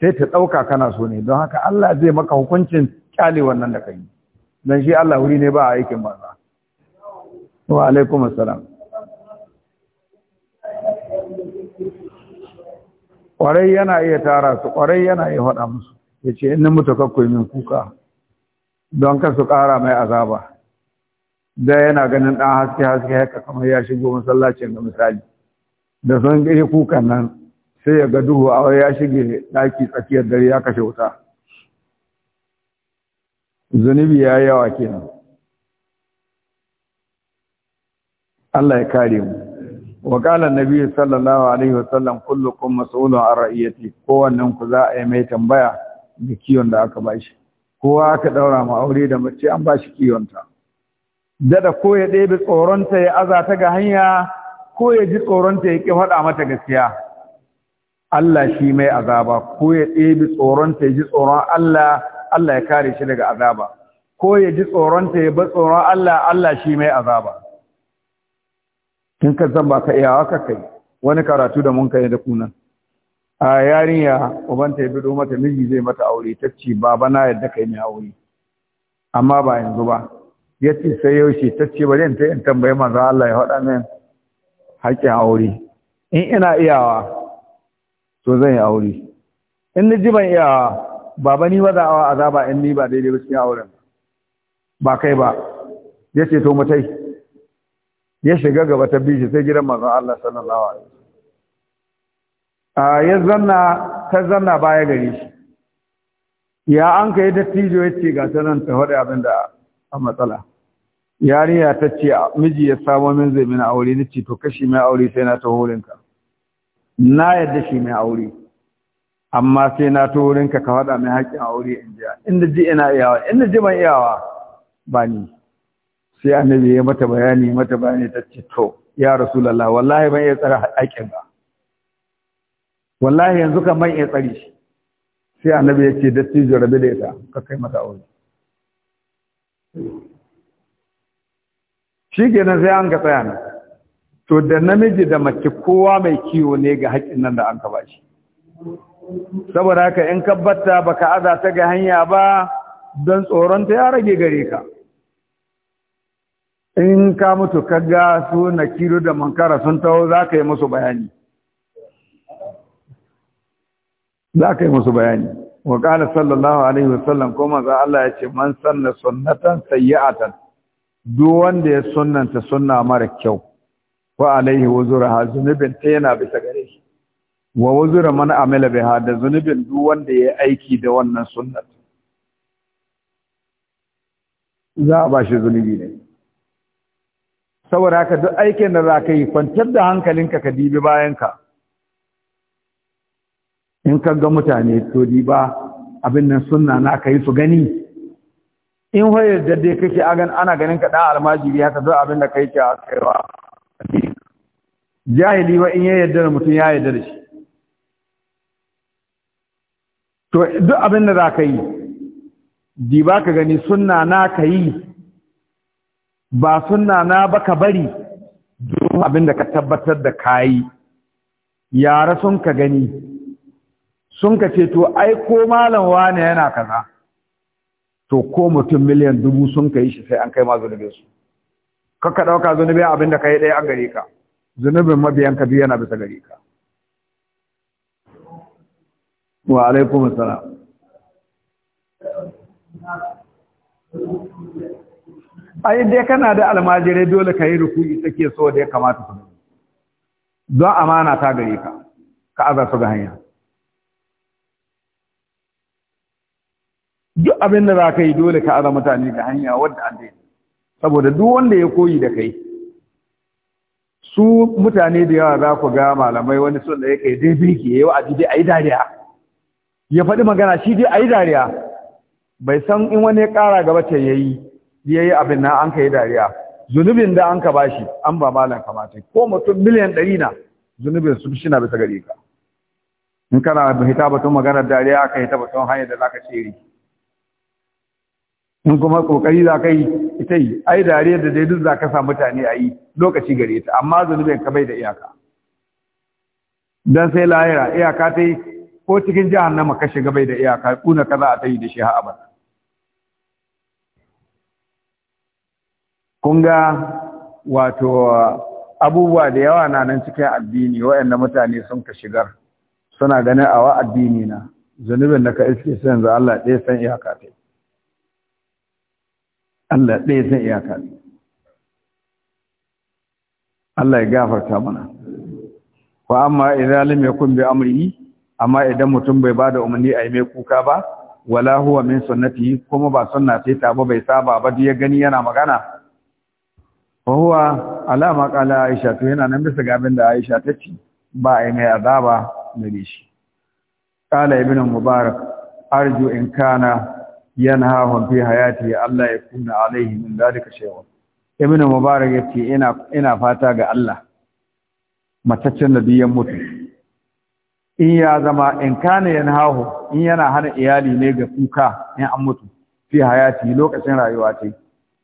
sai ta ɗauka kana so ne don haka Allah zai maka hukuncin kyale wannan da kai don shi Allah wuri ne ba a aikin maza. wa alaikum assalam Ƙwarai yana iya tara su Ƙwarai yana iya faɗa musu ya ce in mutu kakkwai min kuka don ka su ƙara mai azaba da yana ganin ɗan haske haske haka kamar ya shigo masallacin da misali da sun gari kukan nan sai ya ga duhu a ya shige ɗaki tsakiyar dare ya kashe wuta zunubi ya yawa kenan Allah ya kare mu wa qala annabi sallallahu alaihi wasallam kullukum mas'ulun an ra'iyati kowannen ku za a yi mai tambaya da kiyon da aka bashi kowa aka ɗaura ma aure da mace an ba bashi kiyonta dada ko ya ɗebe tsoronta ya aza ta ga hanya ko ya ji tsoronta ya ƙi faɗa mata gaskiya Allah shi mai azaba ko ya ɗebe tsoronta ya ji tsoron Allah Allah ya kare shi daga azaba ko ya ji tsoronta ya bi tsoron Allah Allah shi mai azaba kin ka zan ba ka iyawa ka kai wani karatu da mun kai da kuna a yarinya ubanta ya bido mata miji zai mata aure ta ce baba na yadda kai mai aure amma ba yanzu ba ya ce sai yaushe ta ce bari in ta in tambayi manzo Allah ya faɗa min haƙƙin aure in ina iyawa to zan yi aure in ni ji ban iyawa baba ni ba za a azaba in ni ba daidai ba cikin auren ba kai ba ya ce to mutai ya shiga gaba ta bishi sai gidan manzo Allah sallallahu alaihi wasallam ya zanna ta zanna baya gare shi ya an kai dattijo ya ce ga sanan nan ta faɗa abin da a matsala yariya ta ce miji ya samo min zai mina aure ni ce to kashi mai aure sai na ta wurinka. na yadda shi mai aure amma sai na ta wurinka ka faɗa mai haƙƙin aure in jiya. inda ji ina iyawa inda ji mai iyawa ba ni sai annabi ya mata bayani mata bayani ta ce to ya rasulullah wallahi ban iya tsara haƙƙin ba wallahi yanzu kan ban iya tsari shi sai annabi ya ce dattijo rabe da ita ka kai mata aure shi kenan sai an ka tsaya nan to da namiji da mace kowa mai kiwo ne ga haƙƙin nan da an ka bashi saboda haka in ka batta baka aza ta ga hanya ba don tsoron ta ya rage gare ka in ka mutu kaga su na kiro da mankara sun taho za ka yi musu bayani za ka yi musu bayani wa qala sallallahu alaihi wasallam ko manzo Allah ya ce man sanna sunnatan sayyi'atan duk wanda ya sunnanta sunna mara kyau wa alaihi wuzruha zunubin ta yana bisa gare shi wa wuzra man amila biha da zunubin duk wanda ya aiki da wannan sunna za a ba shi zunubi ne saboda haka duk aikin da za ka yi kwantar da hankalinka ka dibi bayanka in ka ga mutane to di ba abin nan sunna na ka yi su gani in hoyar da dai kake agan ana ganin ka da almajiri haka zo abin da kai ke kaiwa jahili wa in ya yarda da mutum ya yarda da shi to duk abin da za ka yi di ba ka gani sunna na ka yi ba sunna na ba ka bari duk abin da ka tabbatar da kayi yara sun ka gani sun ka ce to ai ko malam wane yana kaza to ko mutum miliyan dubu sun ka yi shi sai an kai ma zunubin su ka ɗauka zunubin abin da ka yi dai an gare ka zunubin mabiyan ka biyu yana bisa gare ka wa alaikum salam ai dai kana da almajirai dole ka yi rukuyi take so da ya kamata su don amana ta gare ka ka azar su ga hanya duk abin da za ka yi dole ka aza mutane ga hanya wadda an daidai saboda duk wanda ya koyi da kai su mutane da yawa za ku ga malamai wani sun da ya kai dai birki ya yi wa'azi dai a dariya ya faɗi magana shi dai ayi dariya bai san in wani ya ƙara gaba ta ya yi ya yi abin na an ka yi dariya zunubin da an ka bashi an ba malam kamata ko mutum miliyan ɗari na zunubin su shi na bisa gare ka in kana hita batun maganar dariya aka hita batun hanyar da za ka tsere in kuma kokari za ka yi ita yi ai dariyar da dai duk za ka sa mutane a yi lokaci gare ta amma zunubin ka bai da iyaka dan sai lahira iyaka ta yi ko cikin jahannama ka shiga bai da iyaka kuna ka za a ta yi da shi ha abada kun ga wato abubuwa da yawa na nan cikin addini na mutane sun ka shigar suna ganin awa addini na zunubin da ka iske sun yanzu Allah ɗaya san iyaka ta yi Allah ɗaya iya kaɗi Allah ya gafarta mana wa amma idan lam yakun bi amrihi amma idan mutum bai bada umarni a yi mai kuka ba wala huwa min sunnati kuma ba sunna sai ta ba bai saba ba ya gani yana magana fa huwa alama qala Aisha to yana nan bisa gabin da Aisha ta ci, ba ai mai azaba ne shi qala ibn mubarak arju in kana yanahum fi hayati Allah ya kuna alaihi min dalika shay'un ibnu mubarak yace ina ina fata ga Allah mataccen da biyan mutu in ya zama in kana yanahu in yana hana iyali ne ga kuka in an mutu fi hayati lokacin rayuwa ce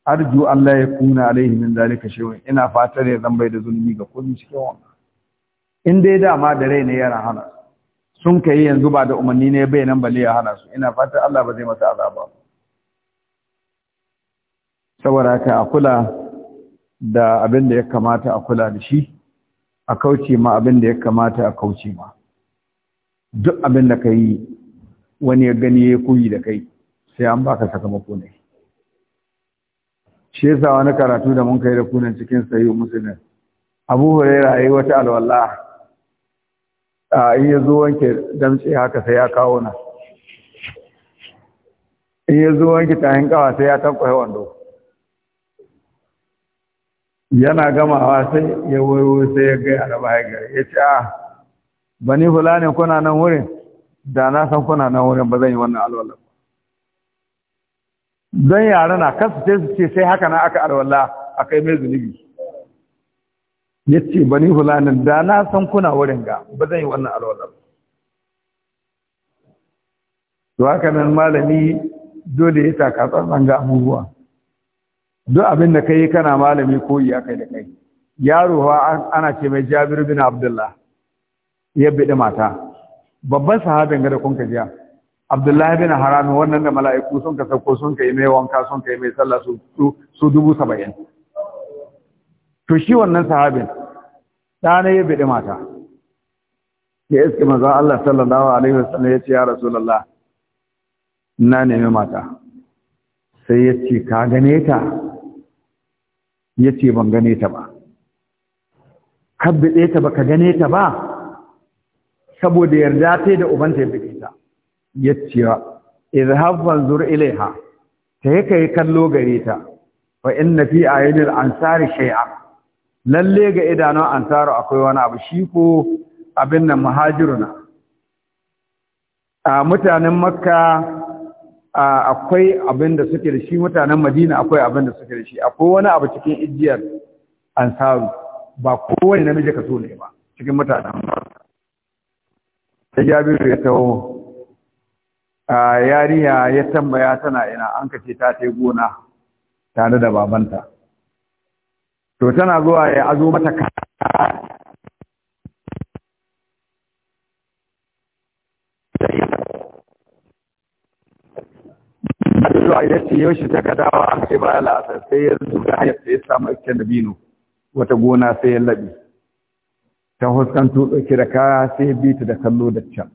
arju Allah ya kuna alaihi min dalika shay'un ina fata ne zan bai da zulmi ga kullu cikin wannan in dai dama da rai ne yana hana sun kai yanzu ba da umarni ne bai nan bale ya hana su ina fatan Allah ba zai masa azaba saboda ka a kula da abin da ya kamata a kula da shi a kauce ma abin da ya kamata a kauce ma duk abin da ka yi wani ya gani ya kuyi da kai sai an baka sakamako ne shi yasa wani karatu da mun kai da kunan cikin sayi musulun abu huraira yi wata alwala a in ya zo wanke damce haka sai ya kawo na in ya zo wanke tayin kawa sai ya tabbai wando yana gamawa sai ya wayo sai ya gai araba haigar ya ce a bani ne kuna nan wurin da na san kuna nan wurin ba zan yi wannan alwallah don yara na kasu ce su ce sai haka na aka alwallah a kai mai zunubi ya ce bani hulanin da na san kuna wurin ga ba zan yi wannan alwalar Su haka nan malami dole ya taka tsarnan ga abubuwa duk abin da kai kana malami ko iya kai da kai yaro ana ce mai jabir bin abdullah ya biɗi mata babban sahabin gada kun jiya abdullah bin Haramun, wannan da mala'iku sun ka sauko sun ka yi mai wanka sun ka yi mai sallah su dubu saba'in to shi wannan sahabin ɗana ya biɗi mata ya iske manzan Allah sallallahu alaihi wasallam ya ce ya rasulallah na nemi mata sai ya ce ka gane ta ya ce ban gane ta ba kabbiɗe ta ba ka gane ta ba saboda yarda ta da ubanta ya biɗe ta ya ce izhab wanzur ilaiha ta yi kallo gare ta fa inna fi ayyidil ansari shay'a lalle ga idanun ansaru akwai wani abu shi ko abin nan muhajiruna a mutanen makka akwai abin da suke da shi mutanen madina akwai abin da suke da shi akwai wani abu cikin ijiyar ansaru ba kowane namiji ka so ne ba cikin mutanen makka ta jabiru ya taho yariya ya tambaya tana ina an kace ta tai gona tare da babanta to tana zuwa ya azo mata ka zuwa ya ce yau shi ta kadawa a sai ba sai ya zuga ya sai samu aikin da bino wata gona sai ya laɓe ta huskanto ɗauki da kaya sai bi ta da kallo da can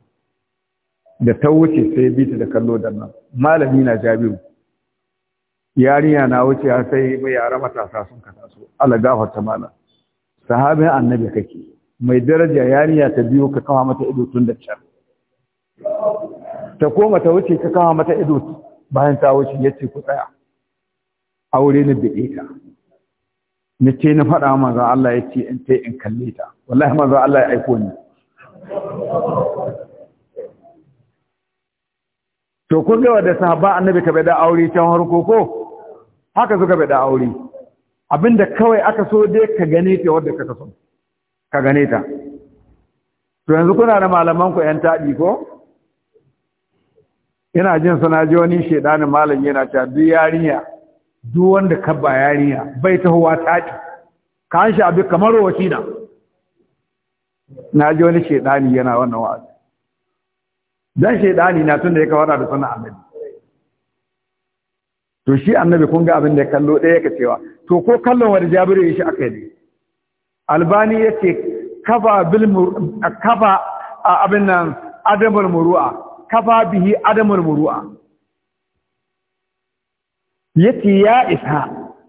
da ta wuce sai bi ta da kallo da nan malami na jabiru Yariya na wuce sai mai yara matasa sun ka taso Allah ta mana sahabin annabi kake mai daraja yariya ta biyu ka kawo mata ido tun da can ta koma ta wuce ka kawo mata ido bayan ta wuce yace ku tsaya aure na bide ta na ce na faɗa maza Allah ya ce in ta in kalle ta wallahi manzon Allah ya aiko ni to kun ga da sahaba annabi ka bai da aure can harko ko haka suka bada aure abinda kawai aka so dai ka gane ta wadda kaka so ka gane ta to yanzu kuna da malaman ku yan taɗi ko ina jin suna ji wani shedanin malam yana cewa duk yarinya duk wanda ka ba yarinya bai tahowa taɗi ka an shi abin kamar wasi na ji wani shedani yana wannan wa'azi dan shedani na tun da ya kawara da sana'a annabi to shi annabi kun ga abin da kallo ɗaya ka cewa to ko kallon wani jabiru ya shi aka yi albani ya ce kafa abin nan adamar muru'a kafa bihi adamar muru'a ya ce ya isa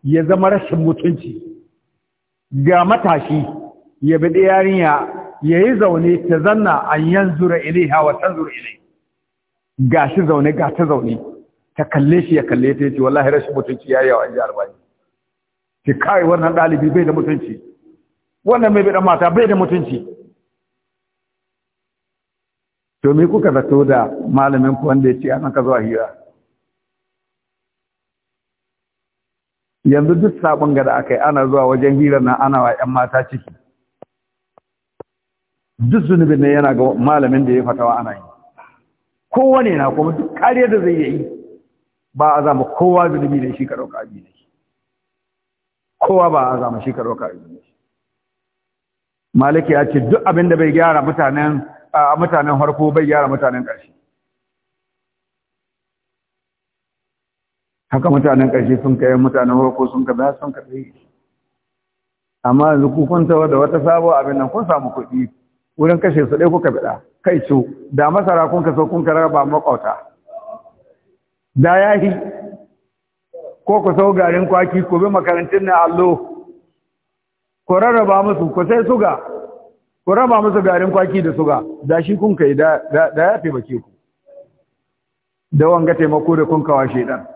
ya zama rashin mutunci ga matashi ya bi yarinya ya yi zaune ta zanna an yanzura ilaiha wa tanzura ilai ga shi zaune ga ta zaune ta kalle shi ya kalle ta yace wallahi rashin mutunci ya yawa inji albani ki kai wannan dalibi bai da mutunci wannan mai bidan mata bai da mutunci to me kuka zato da malamin ku wanda yace an ka zuwa hira yanzu duk sabon gada akai ana zuwa wajen hirar nan ana wa ƴan mata ciki duk zunubin ne yana ga malamin da ya fatawa ana yi kowane na kuma duk kariyar da zai yi ba a zama kowa zunubi ne shi ka ɗauka abi ne kowa ba a zama shi ka ɗauka abi ne maliki ya ce duk abin da bai gyara mutanen a mutanen harko bai gyara mutanen ƙarshe haka mutanen ƙarshe sun kai mutanen harko sun ka za sun ka amma yanzu ku kun tawo da wata sabo abin nan kun samu kuɗi wurin kashe su ɗaya kuka biɗa kai cu da masara kun ka so kun ka raba makwauta da ya yi ko ku sau garin kwaki ko bi makarantun na allo ku rarraba musu ku sai suga ku raba musu garin kwaki da suga da shi kun kai da ya taimake ku da wanga taimako da kun kawashe dan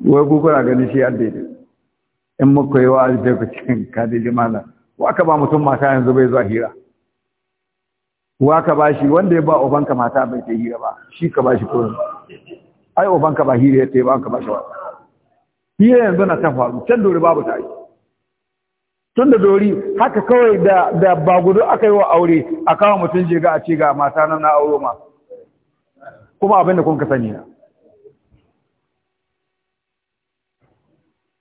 wai na ganin shi an daidai in muka yi wa alifai ku cikin kadi jimala wa aka ba mutum mata yanzu bai zuwa hira wa ka bashi wanda ya ba ubanka mata bai ta hira ba shi ka bashi kurin ai ubanka ba hira ya ta ba ka bashi wata hira yanzu na tafa can dori babu ta yi tun da dori haka kawai da da ba gudu aka yi wa aure a kawo mutum je ga a ce ga mata nan na auro ma kuma abin da kun ka sani na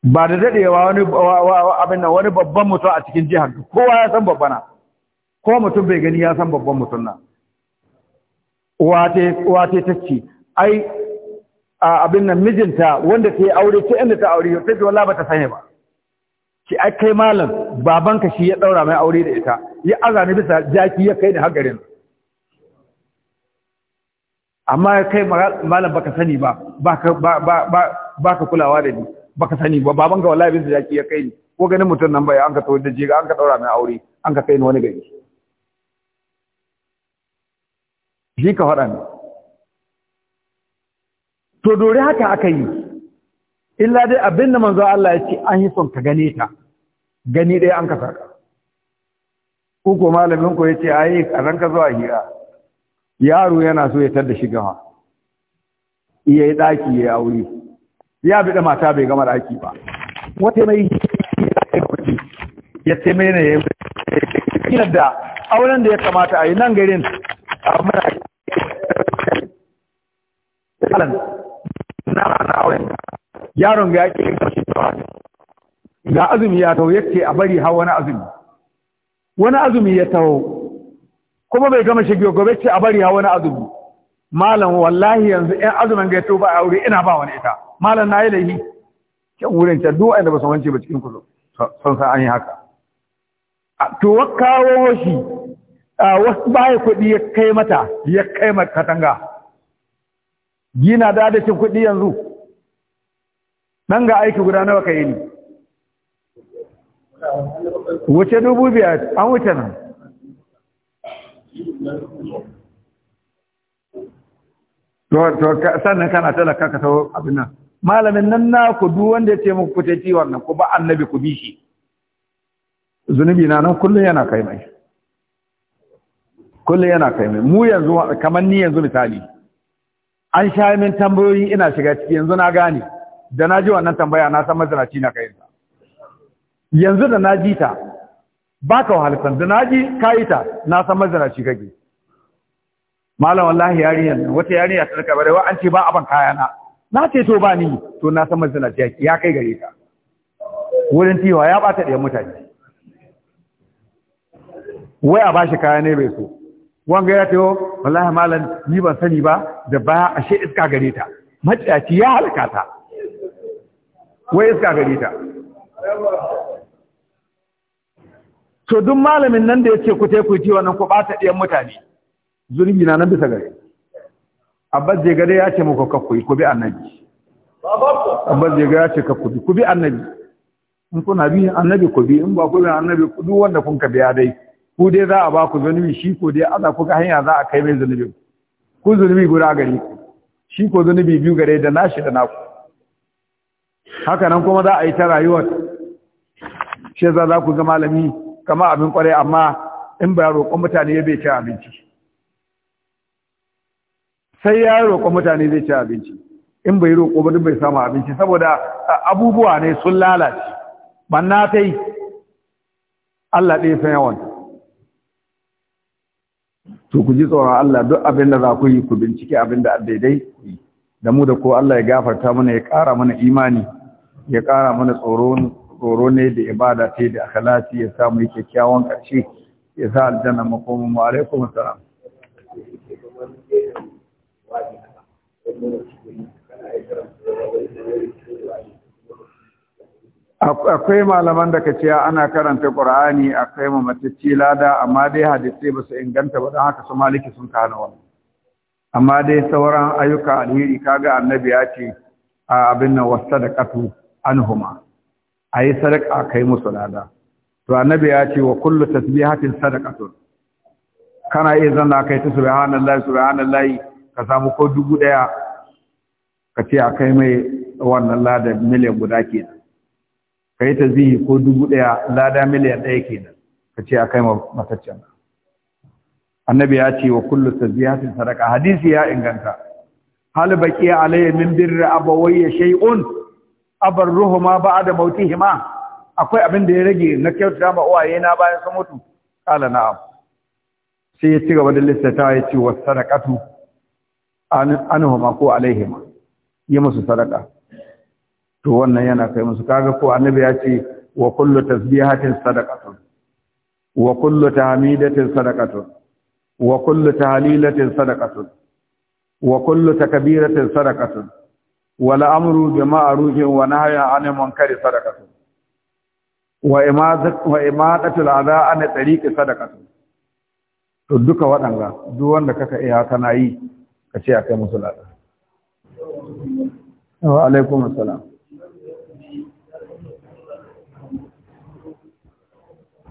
ba da dadewa wani abin nan wani babban mutum a cikin jihar kowa ya san babbana ko mutum bai gani ya san babban mutum na wate ta ce ai abin nan mijinta wanda ta yi aure ce inda ta aure ta ce wala ba ta sani ba ki ai kai malam babanka shi ya daura mai aure da ita ya azani bisa jaki ya kai da hagarin amma ya kai malam baka sani ba baka kulawa da ni baka sani ba babanka wala bisa jaki ya kai ni ko ganin mutum nan bai an ka tsohon da jiga an ka daura mai aure an ka kai ni wani gari shi ka faɗa mai to dori haka aka yi illa dai abin da manzo Allah ya ce an yi son ka gane ta gani ɗaya an ka saka ko ko malamin ko yace ai karan ka zuwa hira yaro yana so ya tada shi gama iya yi daki ya aure ya biɗa mata bai gama daki ba wata mai ya ce mai ne ya yi da auren da ya kamata a yi nan garin a muna kalan na yaron ga azumi ya taho yake a bari wani azumi wani azumi ya taho kuma bai gama shige gobe ce a bari har wani azumi malam wallahi yanzu yan azumin ga to ba aure ina ba wani ita malam na yi laifi kyan wurin can duk wanda ba su wance ba cikin ku son san an yi haka to wa kawo shi wasu baya kuɗi ya kai mata ya kai mata katanga gina da adashin kuɗi yanzu Nan ga aiki guda nawa ka yi ni wuce dubu biyar an wuce nan sannan kana talaka ka sau abin nan malamin nan na ku duk wanda ya ce muku kuce ciwon nan ku ba annabi ku bi shi zunubi na nan kullum yana kai mai kullum yana kai mai mu yanzu kamar ni yanzu misali an sha min tambayoyi ina shiga ciki yanzu na gane da na ji wannan tambaya na san mazinaci na kai yanzu da na ji ta ba ka wahalsan da na ji ka yi ta na san mazinaci kake malam wallahi yarinyar wata yarinya ta rika wa an ce ba abin kayana na ce to ba ni to na san mazinaci ya kai gare ka wurin tiwa ya bata da mutane wai a bashi kaya ne bai so wanga ya tayo wallahi malam ni ban sani ba da ba ashe iska gare ta maciyaci ya halaka ta wai iska gare ta to duk malamin nan da yake ku tai ku ji wannan ku bata diyan mutane zurbi na nan bisa gare abbas je gare ya ce muku kakku ku bi annabi abbas je gare ya ce kakku ku bi annabi in kuna bi annabi ku bi in ba ku bi annabi duk wanda kun ka biya dai ku dai za a ba ku zunubi shi ko dai aza ku hanya za a kai mai zunubi ku zunubi guda gare ku shi ko zunubi biyu gare da nashi da naku haka nan kuma za a yi ta rayuwar shi za za ku ga malami kama abin kwarai amma in ba roƙon mutane ya bai ci abinci sai ya roƙon mutane zai ci abinci in bai roƙo ba duk bai samu abinci saboda abubuwa ne sun lalace banna ta Allah ɗaya san yawan to ku ji tsoron Allah duk abin da za ku yi ku bincike abin da daidai da mu da ko Allah ya gafarta mana ya kara mana imani ya kara mana tsoro ne da ibada ta da akhlaki ya sa mu kyakkyawan ƙarshe ya sa aljanna mu alaikum assalam Thank you. akwai malaman da ka ce ana karanta ƙur'ani a kai ma matacce lada amma dai hadisai ba su inganta ba don haka su maliki sun kano wani amma dai sauran ayyuka alheri kaga annabi ya ce a abin nan wasu an a yi sadaka a kai musu lada to annabi ya ce wa kullu tasbihatin sadaqatun kana iya zanna kai ta subhanallahi subhanallahi ka samu ko dubu daya ka ce a kai mai wannan lada miliyan guda kenan ka yi zihi ko dubu ɗaya lada miliyan ɗaya kenan ka ce a kai mataccen annabi ya ce wa kullu tazihatin sadaka hadisi ya inganta hal baqiya alayhi min birri abawayya shay'un abarruhuma ba'da mautihima akwai abin da ya rage na kyautata ma uwaye na bayan sun mutu kala na'am sai ya ci gaba da lissata ya ce wa sadaqatu anhuma ko alayhima yi musu sadaka to wannan yana kai musu kaga ko annabi ya ce wa kullu tasbihatin sadaqatun wa kullu tahmidatin sadaqatun wa kullu tahlilatin sadaqatun wa kullu takbiratin sadaqatun wal amru bi ma'rufin wa nahya 'anil munkari sadaqatun wa imadatu wa imadatul adaa an tariqi sadaqatun to duka wadanga duk wanda kaka iya kana yi kace a kai musu lada wa alaikum assalam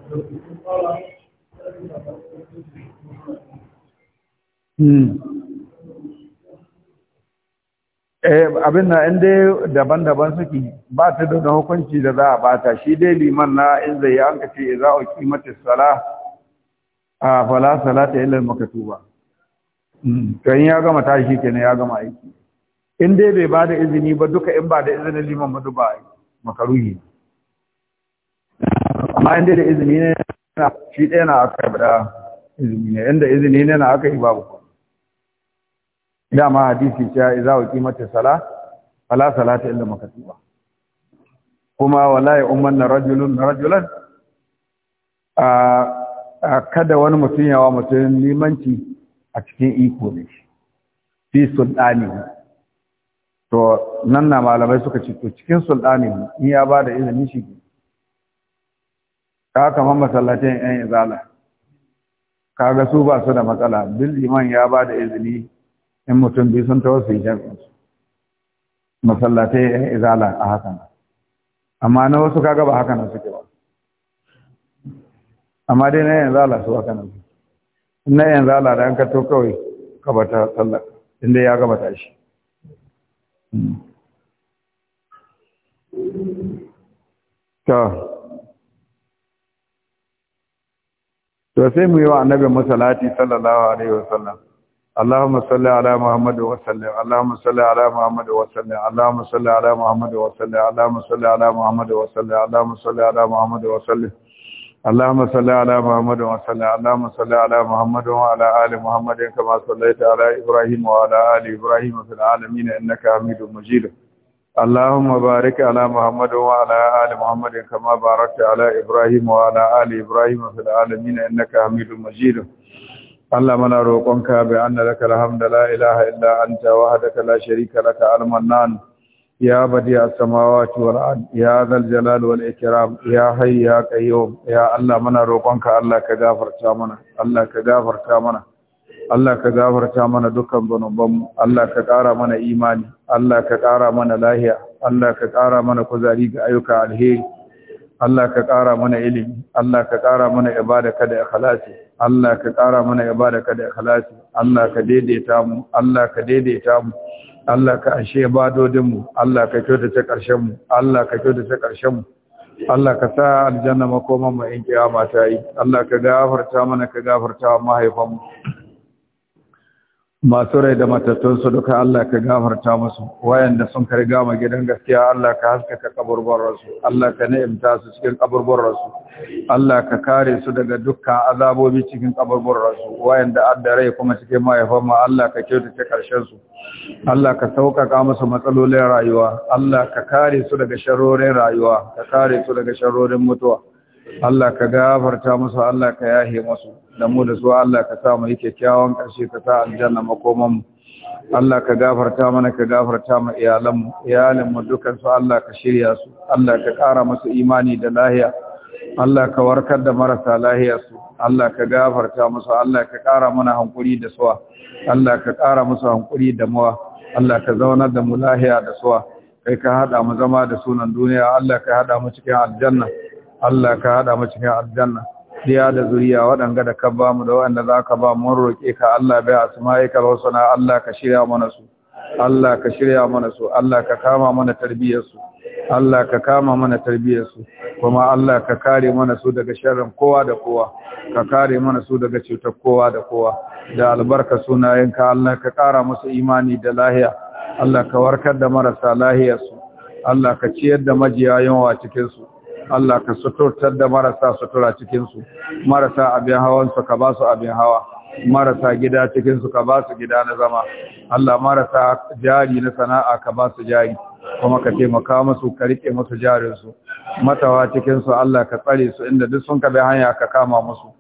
Hmm. Eh, abin na in dai daban-daban suke ba ta da hukunci da za a bata shi dai liman na in zai yi an ka ce za a kimata sala a fala salata illa makatuba hmm. to in ya gama tashi kenan ya gama aiki in dai bai ba da izini ba duka in ba da izinin liman ba duba makaruhi bayan dai da izini ne na shi ɗaya na aka yi da izini ne yadda izini ne na aka yi babu dama hadisi cewa iza wa kimata sala fala salata illa makatuba kuma wala ya na rajulun na rajulan a kada wani mutum yawa mutum limanci a cikin iko ne fi sultani to nan na malamai suka ce to cikin sultani in ya ba da izini shi ka kamar masallacin yan izala ga su ba su da matsala bil 'iman ya ba da izini in mutum biyu sun tawo su yi masallatai yan izala a hakan amma na wasu kaga ba haka nan suke ba amma dai na yan izala su haka nan na yan izala da an ka to kawai ka bata inda ya gaba shi. Hmm. to Sosai sai wa annabi masalati sallallahu alaihi wasallam Allahumma salli ala Muhammad wa sallim salli ala Muhammad wa sallim salli ala Muhammad wa sallim salli ala Muhammad wa sallim salli ala Muhammad wa sallim salli ala Muhammad wa sallim salli ala Muhammad ala ali Muhammad kama sallaita ala Ibrahim ala ali Ibrahim fil alamin innaka Hamidum Majid اللهم بارك على محمد وعلى آل محمد كما باركت على إبراهيم وعلى آل إبراهيم في العالمين إنك حميد مجيد اللهم انا روقك بان لك الحمد لا اله الا انت وحدك لا شريك لك المنان يا بديع السماوات والارض يا ذا الجلال والاكرام يا حي يا قيوم يا الله منا روقك الله كغفرت منا الله كغفرت منا Allah ka gafarta mana dukkan zunubanmu Allah ka ƙara mana imani Allah ka ƙara mana lahiya Allah ka ƙara mana kuzari ga ayyuka alheri Allah ka ƙara mana ilimi Allah ka ƙara mana ibada kada ikhlasi Allah ka ƙara mana ibada kada ikhlasi Allah ka daidaita mu Allah ka daidaita mu Allah ka ashe mu. Allah ka kyautata ƙarshen mu Allah ka kyautata ƙarshen mu Allah ka sa aljanna makoman mu in kiyama ta yi Allah ka gafarta mana ka gafarta mahaifanmu masu rai da matattunsu duka Allah ka gafarta musu wayanda sun karga gama gidan gaskiya Allah ka haskaka rasu Allah ka ni'imta su cikin rasu Allah ka kare su daga dukkan azabobi cikin rasu wayanda adda rai kuma cikin mahaifar mu, Allah ka kyautata karshen su Allah ka sauƙaƙa musu matsalolin rayuwa Allah ka kare su daga sharorin rayuwa ka kare su daga sharorin mutuwa Allah ka gafarta musu Allah ka yahe musu da mu da su Allah ka sa mu yi kyakkyawan ƙarshe ka sa aljanna makoman mu Allah ka gafarta mana ka gafarta ma iyalanmu Iyalinmu dukkan su Allah ka shirya su Allah ka ƙara musu imani da lahiya Allah ka warkar da marasa lahiya su Allah ka gafarta musu Allah ka ƙara mana hankuri da suwa Allah ka ƙara musu hankuri da muwa Allah ka zaunar da mu lahiya da suwa kai ka hada mu zama da sunan duniya Allah ka hada mu cikin aljanna Allah ka hada mu cikin aljanna diya da zuriya waɗanga da ka bamu da waɗanda za ka ba mun roƙe ka Allah bai asma'ikal na Allah ka shirya mana su Allah ka shirya mana su Allah ka kama mana tarbiyyar su Allah ka kama mana tarbiyyar su kuma Allah ka kare mana su daga sharrin kowa da kowa ka kare mana su daga cutar kowa da kowa da albarka sunayenka Allah ka kara musu imani da lahiya Allah ka warkar da marasa lahiyar su Allah ka ciyar da majiya yawa cikin su Allah ka suturtar da marasa sutura cikinsu marasa abin hawansu ka ba su abin hawa marasa gida cikinsu ka ba su gida na zama Allah marasa jari na sana'a ka ba su jari kuma ka taimaka musu ka rike musu jarinsu matawa cikinsu Allah ka tsare su inda duk sun ka bi hanya ka kama musu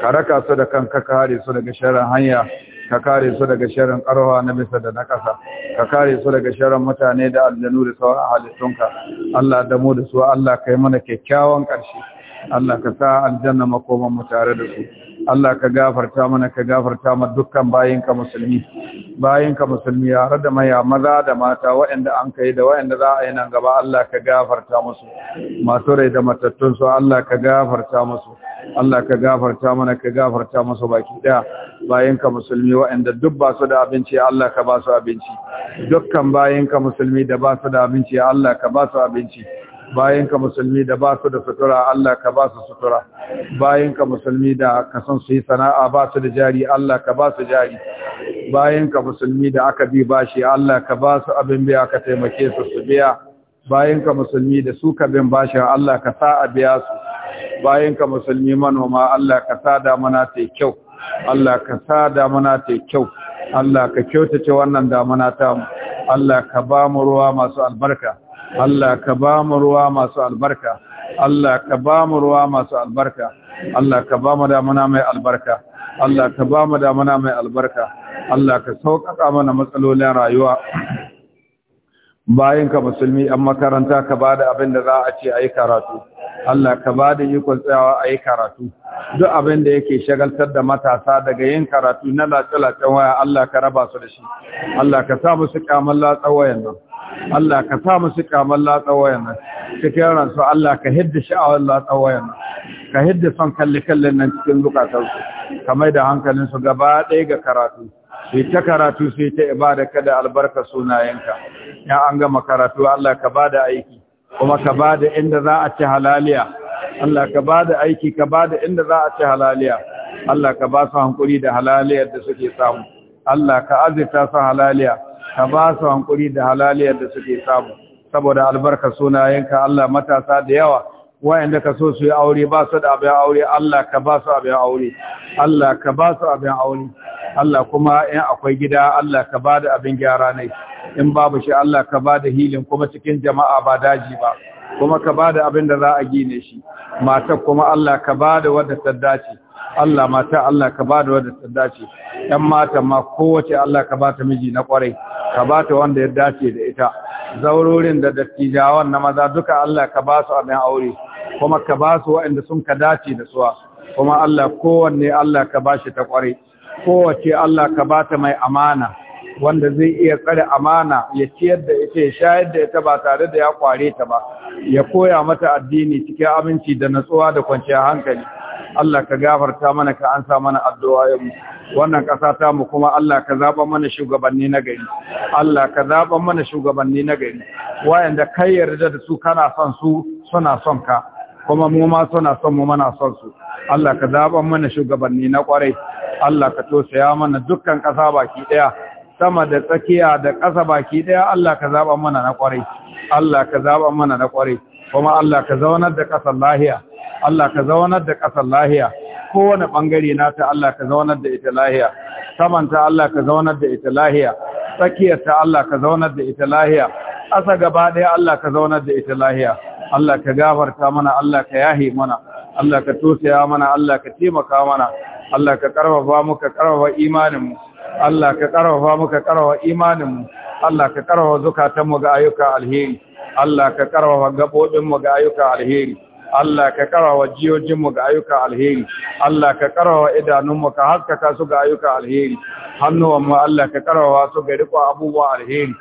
ka raka su da kanka ka hare su daga sharar hanya ka kare su daga sharrin karwa na bisa da na kasa. ka kare su daga sharrin mutane da aljanu da sauran halittunka Allah da mu da su Allah kai mana kyakkyawan ƙarshe Allah ka sa aljanna makoman mu tare da su Allah ka gafarta mana ka gafarta ma dukkan bayinka musulmi bayinka musulmi yare da maya maza da mata waɗanda an kai da waɗanda za a yi nan gaba Allah ka gafarta musu masu rai da matattun su Allah ka gafarta musu Allah ka gafarta mana ka gafarta musu baki daya bayinka musulmi waɗanda duk ba su da abinci Allah ka ba su abinci dukkan bayinka musulmi da ba su da abinci Allah ka ba su abinci bayan ka musulmi da ba su da sutura Allah ka ba su sutura bayan ka musulmi da ka san su yi sana'a ba su da jari Allah ka ba su jari bayan ka musulmi da aka bi bashi Allah ka ba su abin biya ka taimake su su biya bayan ka musulmi da su ka bin bashi, Allah ka sa a biya su bayan ka musulmi manoma Allah ka sa damana ta kyau Allah ka sa damana ta kyau Allah ka kyautace wannan damana ta Allah ka ba mu ruwa masu albarka Allah ka ba mu ruwa masu albarka Allah ka ba mu ruwa masu albarka Allah ka ba mu damuna mai albarka Allah ka ba mu damuna mai albarka Allah ka sauƙaƙa mana matsalolin rayuwa bayan ka musulmi an makaranta ka ba da abin da za a ce a yi karatu Allah ka ba da ikon tsayawa a yi karatu duk abin da yake shagaltar da matasa daga yin karatu na latsalacen waya Allah ka raba su da shi Allah ka sa musu kamar latsa wayan nan Allah ka sa musu kamar latsa wayan nan cikin ransu Allah ka hidda sha'awar latsa wayan nan ka hidda son kalli-kallin nan cikin zukatarsu ka mai da hankalinsu gaba ɗaya ga karatu sai ta karatu sai ta ibada kada albarka sunayenka ya an gama karatu Allah ka bada aiki kuma ka bada inda za a ci halaliya Allah ka bada aiki ka bada inda za a ci halaliya Allah ka ba su hankuri da halaliyar da suke samu Allah ka azirta su halaliya ka ba su hankuri da halaliyar da suke samu saboda albarka sunayenka Allah matasa da yawa wayanda ka so su yi aure ba su da abin aure Allah ka ba su abin aure Allah ka ba su abin aure Allah kuma in akwai gida Allah ka ba da abin gyara ne in babu shi Allah ka ba da hilin kuma cikin jama'a ba daji ba kuma ka ba da abin da za a gine shi mata kuma Allah ka ba da wadda ta dace Allah mata Allah ka ba da wadda ta dace ƴan mata ma kowace Allah ka ba ta miji na kwarai ka ba ta wanda ya dace da ita zaurorin da dattijawan na maza duka Allah ka ba su abin aure kuma ka ba su waɗanda sun ka dace da suwa kuma Allah kowanne Allah ka ba shi ta ƙware kowace Allah ka ba ta mai amana wanda zai iya tsare amana ya ciyar da ita ya shayar da ita ba tare da ya kware ta ba ya koya mata addini cikin aminci da natsuwa da kwanciyar hankali Allah ka gafarta mana ka ansa mana addu'a yau wannan ƙasa ta mu kuma Allah ka zaɓa mana shugabanni na gari Allah ka zaɓa mana shugabanni na gari wayanda kai yarda da su kana son su suna son ka kuma mu ma suna son mu mana son su Allah ka zaban mana shugabanni na kwarai Allah ka tosaya mana dukkan ƙasa baki ɗaya sama da tsakiya da ƙasa baki ɗaya Allah ka zaban mana na kwarai Allah ka zaban mana na kwarai kuma Allah ka zaunar da ƙasar lahiya Allah ka zaunar da ƙasar lahiya kowane ɓangare ta Allah ka zaunar da ita lahiya samanta Allah ka zaunar da ita lahiya Tsakiyar ta Allah ka zaunar da ita lahiya ƙasa gaba ɗaya Allah ka zaunar da ita lahiya Allah ka gafarta mana Allah ka yahe mana Allah ka tosaya mana Allah ka taimaka mana Allah ka karfafa muka karfafa imanin mu Allah ka karfafa muka karfafa imanin mu Allah ka karfafa zukatan mu ga ayyuka alheri Allah ka karfafa gabobin mu ga ayyuka alheri Allah ka karawa jiyojinmu ga ayyuka alheri, Allah ka karawa idanunmu ka haskaka su ga ayyuka alheri, hannuwanmu Allah ka karawa su ga riƙon abubuwa alheri.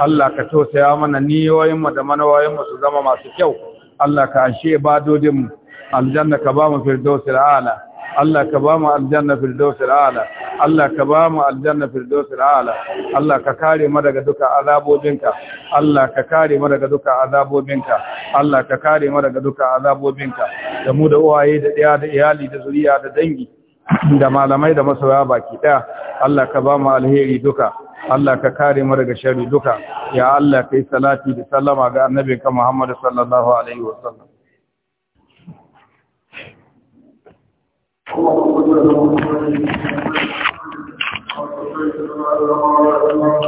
Allah ka tausaya mana niyoyin mu da manawayin mu su zama masu kyau Allah ka ashe badodin mu aljanna ka ba mu firdausul ala Allah ka ba mu aljanna firdausul ala Allah ka ba mu aljanna firdausul ala Allah ka kare mu daga duka azabobinka Allah ka kare mu daga duka azabobinka Allah ka kare mu daga duka azabobinka da mu da uwaye da iyaye da iyali da zuriya da dangi da malamai da masoya baki ɗaya Allah ka ba mu alheri duka Allah ka kare mu daga sharri duka ya Allah kai salati da sallama ga ka Muhammad sallallahu alaihi wasallam Thank you.